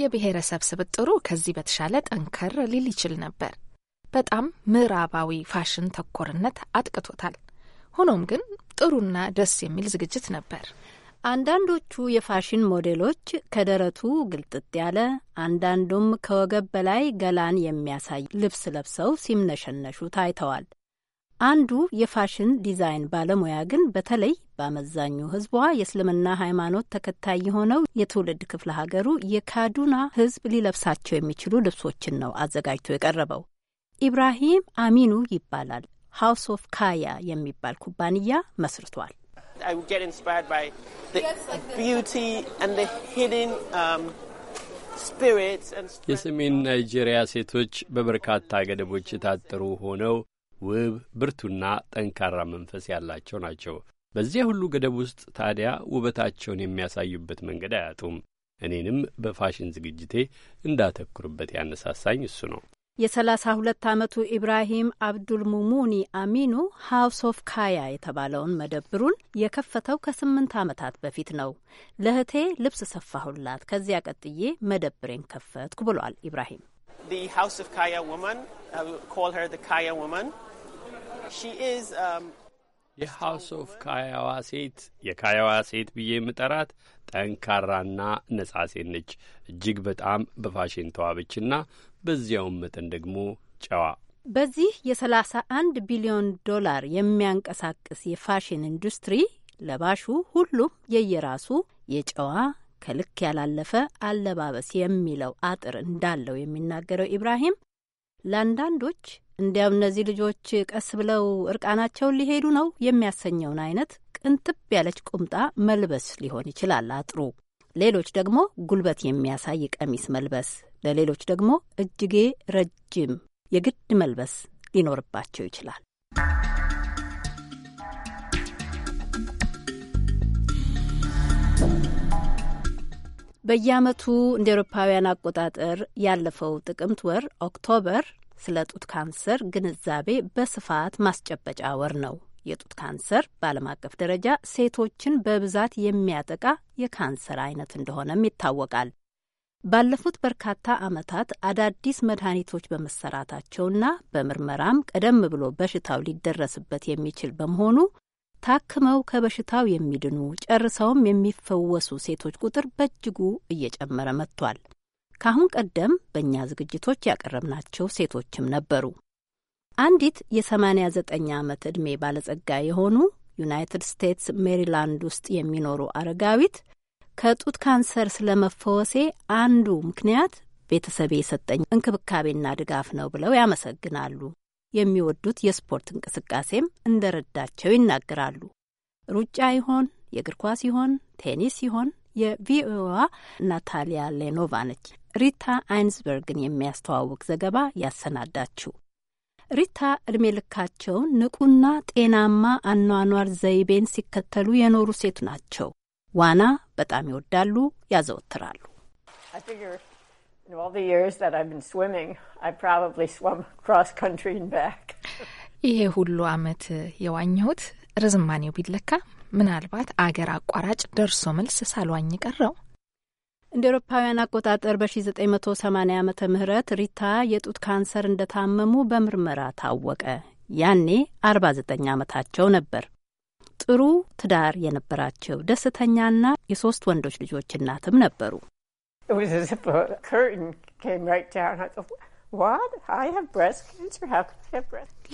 የብሔረሰብ ስብጥሩ ከዚህ በተሻለ ጠንከር ሊል ይችል ነበር። በጣም ምዕራባዊ ፋሽን ተኮርነት አጥቅቶታል። ሆኖም ግን ጥሩና ደስ የሚል ዝግጅት ነበር። አንዳንዶቹ የፋሽን ሞዴሎች ከደረቱ ግልጥጥ ያለ አንዳንዱም ከወገብ በላይ ገላን የሚያሳይ ልብስ ለብሰው ሲምነሸነሹ ታይተዋል። አንዱ የፋሽን ዲዛይን ባለሙያ ግን በተለይ በአመዛኙ ሕዝቧ የእስልምና ሃይማኖት ተከታይ የሆነው የትውልድ ክፍለ ሀገሩ የካዱና ሕዝብ ሊለብሳቸው የሚችሉ ልብሶችን ነው አዘጋጅቶ የቀረበው። ኢብራሂም አሚኑ ይባላል። ሃውስ ኦፍ ካያ የሚባል ኩባንያ መስርቷል። I would get inspired by the beauty and the hidden um, የሰሜን ናይጄሪያ ሴቶች በበርካታ ገደቦች የታጠሩ ሆነው ውብ ብርቱና ጠንካራ መንፈስ ያላቸው ናቸው። በዚያ ሁሉ ገደብ ውስጥ ታዲያ ውበታቸውን የሚያሳዩበት መንገድ አያጡም። እኔንም በፋሽን ዝግጅቴ እንዳተኩርበት ያነሳሳኝ እሱ ነው። የ32 ዓመቱ ኢብራሂም አብዱል ሙሙኒ አሚኑ ሃውስ ኦፍ ካያ የተባለውን መደብሩን የከፈተው ከስምንት ዓመታት በፊት ነው። ለእህቴ ልብስ ሰፋሁላት፣ ከዚያ ቀጥዬ መደብሬን ከፈትኩ ብሏል ኢብራሂም። um, የሃውስ ኦፍ ካያዋ ሴት የካያዋ ሴት ብዬ የምጠራት ጠንካራና ነጻ ሴት ነች። እጅግ በጣም በፋሽን ተዋበችና በዚያውም መጠን ደግሞ ጨዋ። በዚህ የ31 ቢሊዮን ዶላር የሚያንቀሳቅስ የፋሽን ኢንዱስትሪ ለባሹ ሁሉም የየራሱ የጨዋ ከልክ ያላለፈ አለባበስ የሚለው አጥር እንዳለው የሚናገረው ኢብራሂም ለአንዳንዶች እንዲያው እነዚህ ልጆች ቀስ ብለው እርቃናቸውን ሊሄዱ ነው የሚያሰኘውን አይነት ቅንጥብ ያለች ቁምጣ መልበስ ሊሆን ይችላል አጥሩ። ሌሎች ደግሞ ጉልበት የሚያሳይ ቀሚስ መልበስ፣ ለሌሎች ደግሞ እጅጌ ረጅም የግድ መልበስ ሊኖርባቸው ይችላል። በየዓመቱ እንደ ኤሮፓውያን አቆጣጠር ያለፈው ጥቅምት ወር ኦክቶበር ስለ ጡት ካንሰር ግንዛቤ በስፋት ማስጨበጫ ወር ነው። የጡት ካንሰር በዓለም አቀፍ ደረጃ ሴቶችን በብዛት የሚያጠቃ የካንሰር አይነት እንደሆነም ይታወቃል። ባለፉት በርካታ ዓመታት አዳዲስ መድኃኒቶች በመሰራታቸውና በምርመራም ቀደም ብሎ በሽታው ሊደረስበት የሚችል በመሆኑ ታክመው ከበሽታው የሚድኑ ጨርሰውም የሚፈወሱ ሴቶች ቁጥር በእጅጉ እየጨመረ መጥቷል። ከአሁን ቀደም በእኛ ዝግጅቶች ያቀረብናቸው ሴቶችም ነበሩ። አንዲት የ89 ዓመት ዕድሜ ባለጸጋ የሆኑ ዩናይትድ ስቴትስ ሜሪላንድ ውስጥ የሚኖሩ አረጋዊት ከጡት ካንሰር ስለመፈወሴ አንዱ ምክንያት ቤተሰቤ የሰጠኝ እንክብካቤና ድጋፍ ነው ብለው ያመሰግናሉ። የሚወዱት የስፖርት እንቅስቃሴም እንደረዳቸው ይናገራሉ። ሩጫ ይሆን፣ የእግር ኳስ ይሆን፣ ቴኒስ ይሆን? የቪኦኤዋ ናታሊያ ሌኖቫ ነች ሪታ አይንስበርግን የሚያስተዋውቅ ዘገባ ያሰናዳችው። ሪታ እድሜ ልካቸውን ንቁና ጤናማ አኗኗር ዘይቤን ሲከተሉ የኖሩ ሴት ናቸው። ዋና በጣም ይወዳሉ፣ ያዘወትራሉ። ይሄ ሁሉ ዓመት የዋኘሁት ርዝማኔው ቢለካ ምናልባት አገር አቋራጭ ደርሶ መልስ ሳልዋኝ ቀረው እንደ ኤሮፓውያን አቆጣጠር በ1980 ዓ ም ሪታ የጡት ካንሰር እንደታመሙ በምርመራ ታወቀ። ያኔ 49 ዓመታቸው ነበር። ጥሩ ትዳር የነበራቸው ደስተኛና የሶስት ወንዶች ልጆች እናትም ነበሩ።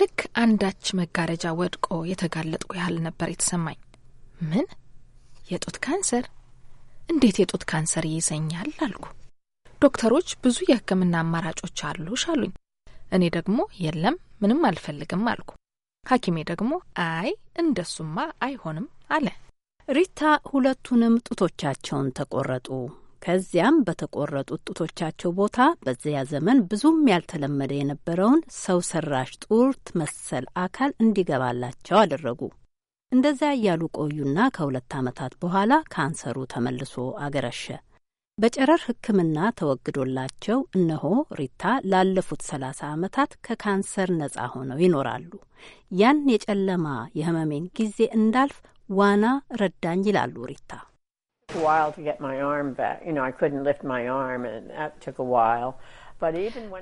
ልክ አንዳች መጋረጃ ወድቆ የተጋለጥኩ ያህል ነበር የተሰማኝ። ምን የጡት ካንሰር እንዴት የጡት ካንሰር ይይዘኛል አልኩ። ዶክተሮች ብዙ የህክምና አማራጮች አሉ ሻሉኝ። እኔ ደግሞ የለም ምንም አልፈልግም አልኩ። ሐኪሜ ደግሞ አይ እንደሱማ አይሆንም አለ። ሪታ ሁለቱንም ጡቶቻቸውን ተቆረጡ። ከዚያም በተቆረጡት ጡቶቻቸው ቦታ በዚያ ዘመን ብዙም ያልተለመደ የነበረውን ሰው ሰራሽ ጡርት መሰል አካል እንዲገባላቸው አደረጉ። እንደዚያ እያሉ ቆዩና ከሁለት ዓመታት በኋላ ካንሰሩ ተመልሶ አገረሸ። በጨረር ሕክምና ተወግዶላቸው እነሆ ሪታ ላለፉት ሰላሳ ዓመታት ከካንሰር ነጻ ሆነው ይኖራሉ። ያን የጨለማ የህመሜን ጊዜ እንዳልፍ ዋና ረዳኝ ይላሉ ሪታ።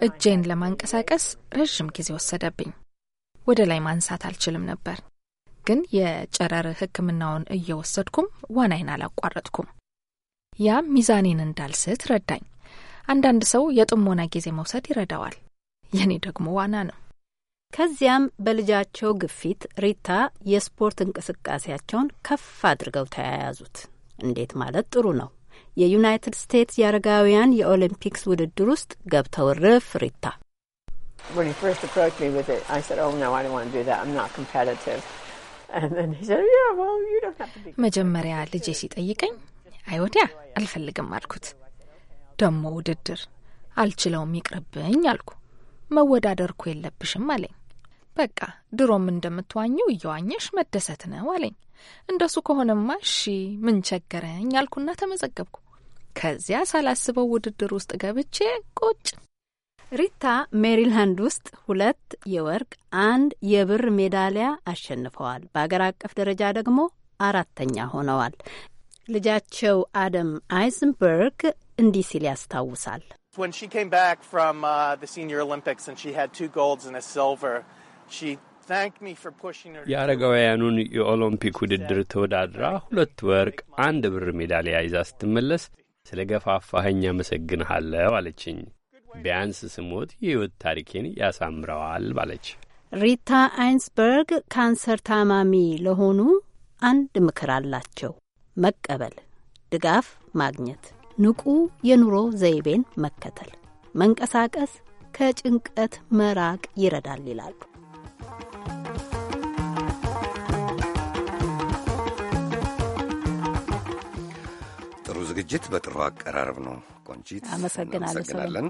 እጄን ለማንቀሳቀስ ረዥም ጊዜ ወሰደብኝ። ወደ ላይ ማንሳት አልችልም ነበር። ግን የጨረር ሕክምናውን እየወሰድኩም ዋናይን አላቋረጥኩም። ያ ሚዛኔን እንዳልስት ረዳኝ። አንዳንድ ሰው የጥሞና ጊዜ መውሰድ ይረዳዋል። የኔ ደግሞ ዋና ነው። ከዚያም በልጃቸው ግፊት ሪታ የስፖርት እንቅስቃሴያቸውን ከፍ አድርገው ተያያዙት። እንዴት ማለት ጥሩ ነው። የዩናይትድ ስቴትስ የአረጋውያን የኦሊምፒክስ ውድድር ውስጥ ገብተው ርፍ ሪታ መጀመሪያ ልጄ ሲጠይቀኝ አይ ወዲያ አልፈልግም አልኩት። ደሞ ውድድር አልችለውም ይቅርብኝ አልኩ። መወዳደርኩ የለብሽም አለኝ። በቃ ድሮም እንደምትዋኘው እየዋኘሽ መደሰት ነው አለኝ። እንደሱ ከሆነማ እሺ ምን ቸገረኝ አልኩና ተመዘገብኩ። ከዚያ ሳላስበው ውድድር ውስጥ ገብቼ ቁጭ ሪታ ሜሪላንድ ውስጥ ሁለት የወርቅ አንድ የብር ሜዳሊያ አሸንፈዋል። በአገር አቀፍ ደረጃ ደግሞ አራተኛ ሆነዋል። ልጃቸው አደም አይዝንበርግ እንዲህ ሲል ያስታውሳል። የአረጋውያኑን የኦሎምፒክ ውድድር ተወዳድራ ሁለት ወርቅ አንድ ብር ሜዳሊያ ይዛ ስትመለስ ስለ ገፋፋኸኝ አመሰግንሃለሁ አለችኝ። ቢያንስ ስሞት የህይወት ታሪኬን ያሳምረዋል ባለች። ሪታ አይንስበርግ ካንሰር ታማሚ ለሆኑ አንድ ምክር አላቸው። መቀበል፣ ድጋፍ ማግኘት፣ ንቁ የኑሮ ዘይቤን መከተል፣ መንቀሳቀስ፣ ከጭንቀት መራቅ ይረዳል ይላሉ። ጥሩ ዝግጅት በጥሩ አቀራረብ ነው ቆንጂት። አመሰግናለን።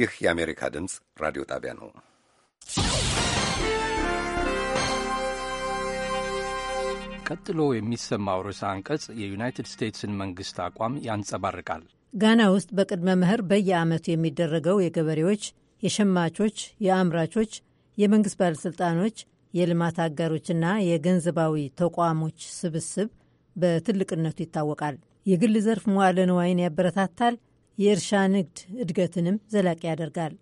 ይህ የአሜሪካ ድምፅ ራዲዮ ጣቢያ ነው። ቀጥሎ የሚሰማው ርዕሰ አንቀጽ የዩናይትድ ስቴትስን መንግሥት አቋም ያንጸባርቃል። ጋና ውስጥ በቅድመ ምህር በየዓመቱ የሚደረገው የገበሬዎች፣ የሸማቾች፣ የአምራቾች፣ የመንግሥት ባለሥልጣኖች፣ የልማት አጋሮችና የገንዘባዊ ተቋሞች ስብስብ በትልቅነቱ ይታወቃል። የግል ዘርፍ መዋለ ንዋይን ያበረታታል፣ የእርሻ ንግድ እድገትንም ዘላቂ ያደርጋል።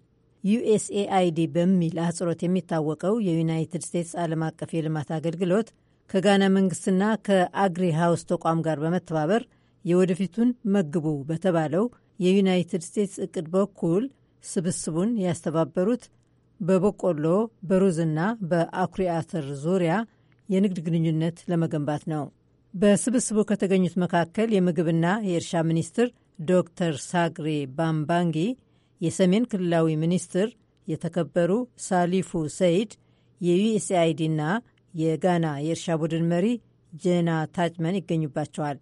ዩኤስኤአይዲ በሚል አህጽሮት የሚታወቀው የዩናይትድ ስቴትስ ዓለም አቀፍ የልማት አገልግሎት ከጋና መንግስትና ከአግሪ ሃውስ ተቋም ጋር በመተባበር የወደፊቱን መግቡ በተባለው የዩናይትድ ስቴትስ እቅድ በኩል ስብስቡን ያስተባበሩት በበቆሎ በሩዝና በአኩሪ አተር ዙሪያ የንግድ ግንኙነት ለመገንባት ነው። በስብስቡ ከተገኙት መካከል የምግብና የእርሻ ሚኒስትር ዶክተር ሳግሬ ባምባንጊ የሰሜን ክልላዊ ሚኒስትር የተከበሩ ሳሊፉ ሰይድ የዩኤስአይዲና የጋና የእርሻ ቡድን መሪ ጄና ታችመን ይገኙባቸዋል።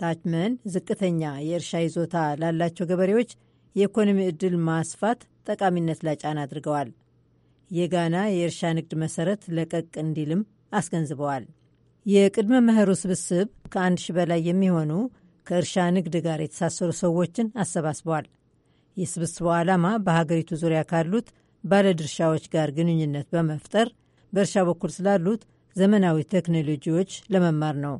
ታችመን ዝቅተኛ የእርሻ ይዞታ ላላቸው ገበሬዎች የኢኮኖሚ ዕድል ማስፋት ጠቃሚነት ላይ ጫና አድርገዋል። የጋና የእርሻ ንግድ መሰረት ለቀቅ እንዲልም አስገንዝበዋል። የቅድመ መኸሩ ስብስብ ከአንድ ሺ በላይ የሚሆኑ ከእርሻ ንግድ ጋር የተሳሰሩ ሰዎችን አሰባስበዋል። የስብስቡ ዓላማ በሀገሪቱ ዙሪያ ካሉት ባለድርሻዎች ጋር ግንኙነት በመፍጠር በእርሻ በኩል ስላሉት ዘመናዊ ቴክኖሎጂዎች ለመማር ነው።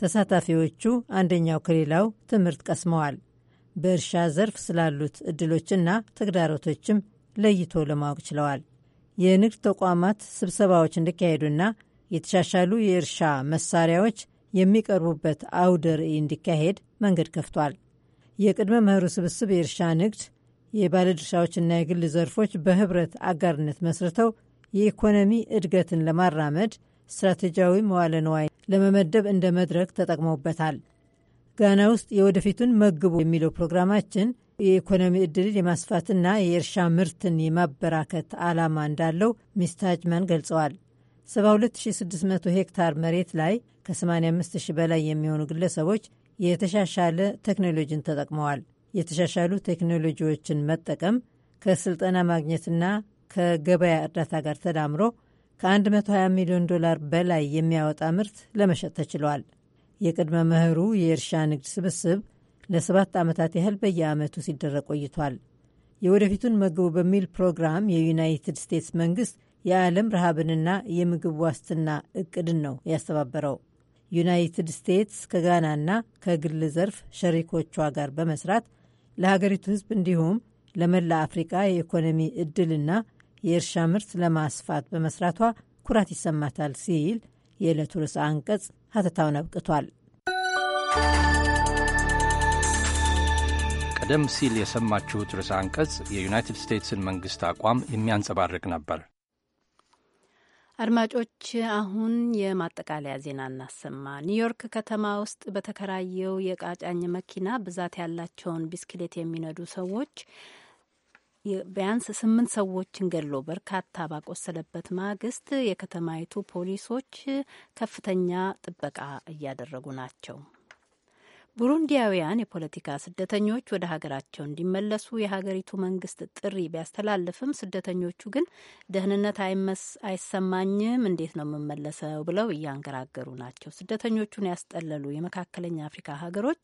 ተሳታፊዎቹ አንደኛው ከሌላው ትምህርት ቀስመዋል። በእርሻ ዘርፍ ስላሉት እድሎችና ተግዳሮቶችም ለይቶ ለማወቅ ችለዋል። የንግድ ተቋማት ስብሰባዎች እንዲካሄዱና የተሻሻሉ የእርሻ መሳሪያዎች የሚቀርቡበት አውደ ርዕይ እንዲካሄድ መንገድ ከፍቷል። የቅድመ ምህሩ ስብስብ የእርሻ ንግድ፣ የባለድርሻዎችና የግል ዘርፎች በህብረት አጋርነት መስርተው የኢኮኖሚ እድገትን ለማራመድ ስትራቴጂያዊ መዋለ ንዋይ ለመመደብ እንደ መድረክ ተጠቅመውበታል። ጋና ውስጥ የወደፊቱን መግቡ የሚለው ፕሮግራማችን የኢኮኖሚ እድልን የማስፋትና የእርሻ ምርትን የማበራከት ዓላማ እንዳለው ሚስ ታጅማን ገልጸዋል። 72600 ሄክታር መሬት ላይ ከ85 ሺህ በላይ የሚሆኑ ግለሰቦች የተሻሻለ ቴክኖሎጂን ተጠቅመዋል። የተሻሻሉ ቴክኖሎጂዎችን መጠቀም ከስልጠና ማግኘትና ከገበያ እርዳታ ጋር ተዳምሮ ከ120 ሚሊዮን ዶላር በላይ የሚያወጣ ምርት ለመሸጥ ተችሏል። የቅድመ መኸሩ የእርሻ ንግድ ስብስብ ለሰባት ዓመታት ያህል በየዓመቱ ሲደረግ ቆይቷል። የወደፊቱን መግቡ በሚል ፕሮግራም የዩናይትድ ስቴትስ መንግስት የዓለም ረሃብንና የምግብ ዋስትና እቅድን ነው ያስተባበረው። ዩናይትድ ስቴትስ ከጋናና ከግል ዘርፍ ሸሪኮቿ ጋር በመስራት ለሀገሪቱ ሕዝብ እንዲሁም ለመላ አፍሪቃ የኢኮኖሚ እድልና የእርሻ ምርት ለማስፋት በመስራቷ ኩራት ይሰማታል ሲል የዕለቱ ርዕሰ አንቀጽ ሀተታውን አብቅቷል። ቀደም ሲል የሰማችሁት ርዕሰ አንቀጽ የዩናይትድ ስቴትስን መንግሥት አቋም የሚያንጸባርቅ ነበር። አድማጮች አሁን የማጠቃለያ ዜና እናሰማ። ኒውዮርክ ከተማ ውስጥ በተከራየው የቃጫኝ መኪና ብዛት ያላቸውን ቢስክሌት የሚነዱ ሰዎች ቢያንስ ስምንት ሰዎችን ገድሎ በርካታ ባቆሰለበት ማግስት የከተማይቱ ፖሊሶች ከፍተኛ ጥበቃ እያደረጉ ናቸው። ቡሩንዲያውያን የፖለቲካ ስደተኞች ወደ ሀገራቸው እንዲመለሱ የሀገሪቱ መንግስት ጥሪ ቢያስተላልፍም ስደተኞቹ ግን ደህንነት አይሰማኝም፣ እንዴት ነው የምመለሰው ብለው እያንገራገሩ ናቸው። ስደተኞቹን ያስጠለሉ የመካከለኛ አፍሪካ ሀገሮች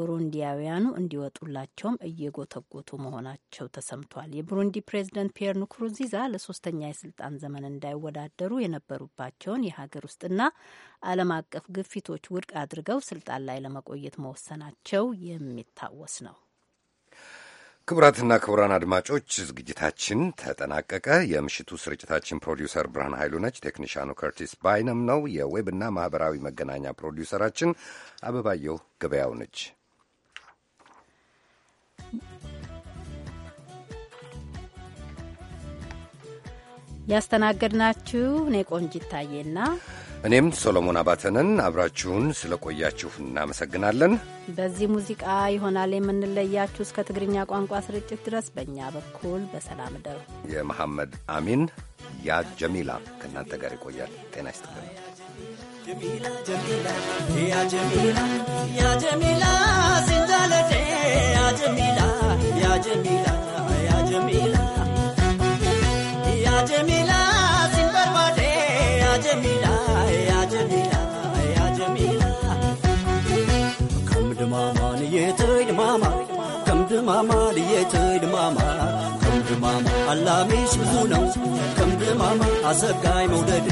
ቡሩንዲያውያኑ እንዲወጡላቸውም እየጎተጎቱ መሆናቸው ተሰምቷል። የቡሩንዲ ፕሬዚደንት ፒየር ንኩሩንዚዛ ለሶስተኛ የስልጣን ዘመን እንዳይወዳደሩ የነበሩባቸውን የሀገር ውስጥና ዓለም አቀፍ ግፊቶች ውድቅ አድርገው ስልጣን ላይ ለመቆየት መወሰናቸው የሚታወስ ነው። ክቡራትና ክቡራን አድማጮች ዝግጅታችን ተጠናቀቀ። የምሽቱ ስርጭታችን ፕሮዲውሰር ብርሃን ኃይሉ ነች። ቴክኒሻኑ ከርቲስ ባይነም ነው። የዌብና ማህበራዊ መገናኛ ፕሮዲውሰራችን አበባየሁ ገበያው ነች። ያስተናገድናችሁ እኔ ቆንጂት ታዬና እኔም ሶሎሞን አባተንን አብራችሁን ስለ ቆያችሁ እናመሰግናለን። በዚህ ሙዚቃ ይሆናል የምንለያችሁ። እስከ ትግርኛ ቋንቋ ስርጭት ድረስ በእኛ በኩል በሰላም ደሩ። የመሐመድ አሚን ያ ጀሚላ ከእናንተ ጋር ይቆያል። ጤና ይስጥልን። ያ ጀሚላ ድማማ ልየተ ድማማ ከም ድማማ አላሚሽ ብዙ ነው ከም ድማማ አሰጋይ መውደዴ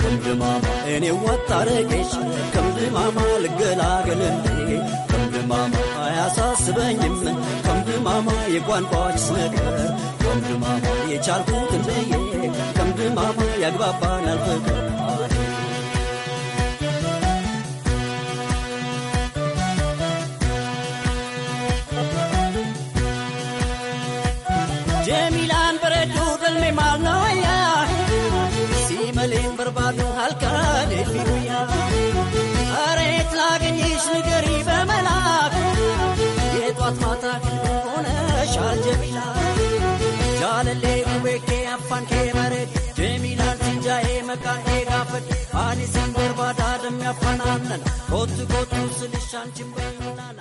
ከም ድማማ እኔ ወጣረቄሽ ከም ድማማ ልገላገልንዴ ከም ድማማ አያሳስበኝም ከም ድማማ የቋንቋችስ ነገር ከም ድማማ የቻልኩትን ብዬ ከም ድማማ ያግባባናል ፍቅር jaalallee dhubee kee afaan kee bareede deemii ilaalchin jaa'ee maqaa ee gaafate ani siin barbaada dammi afaan aannan kootu silishaan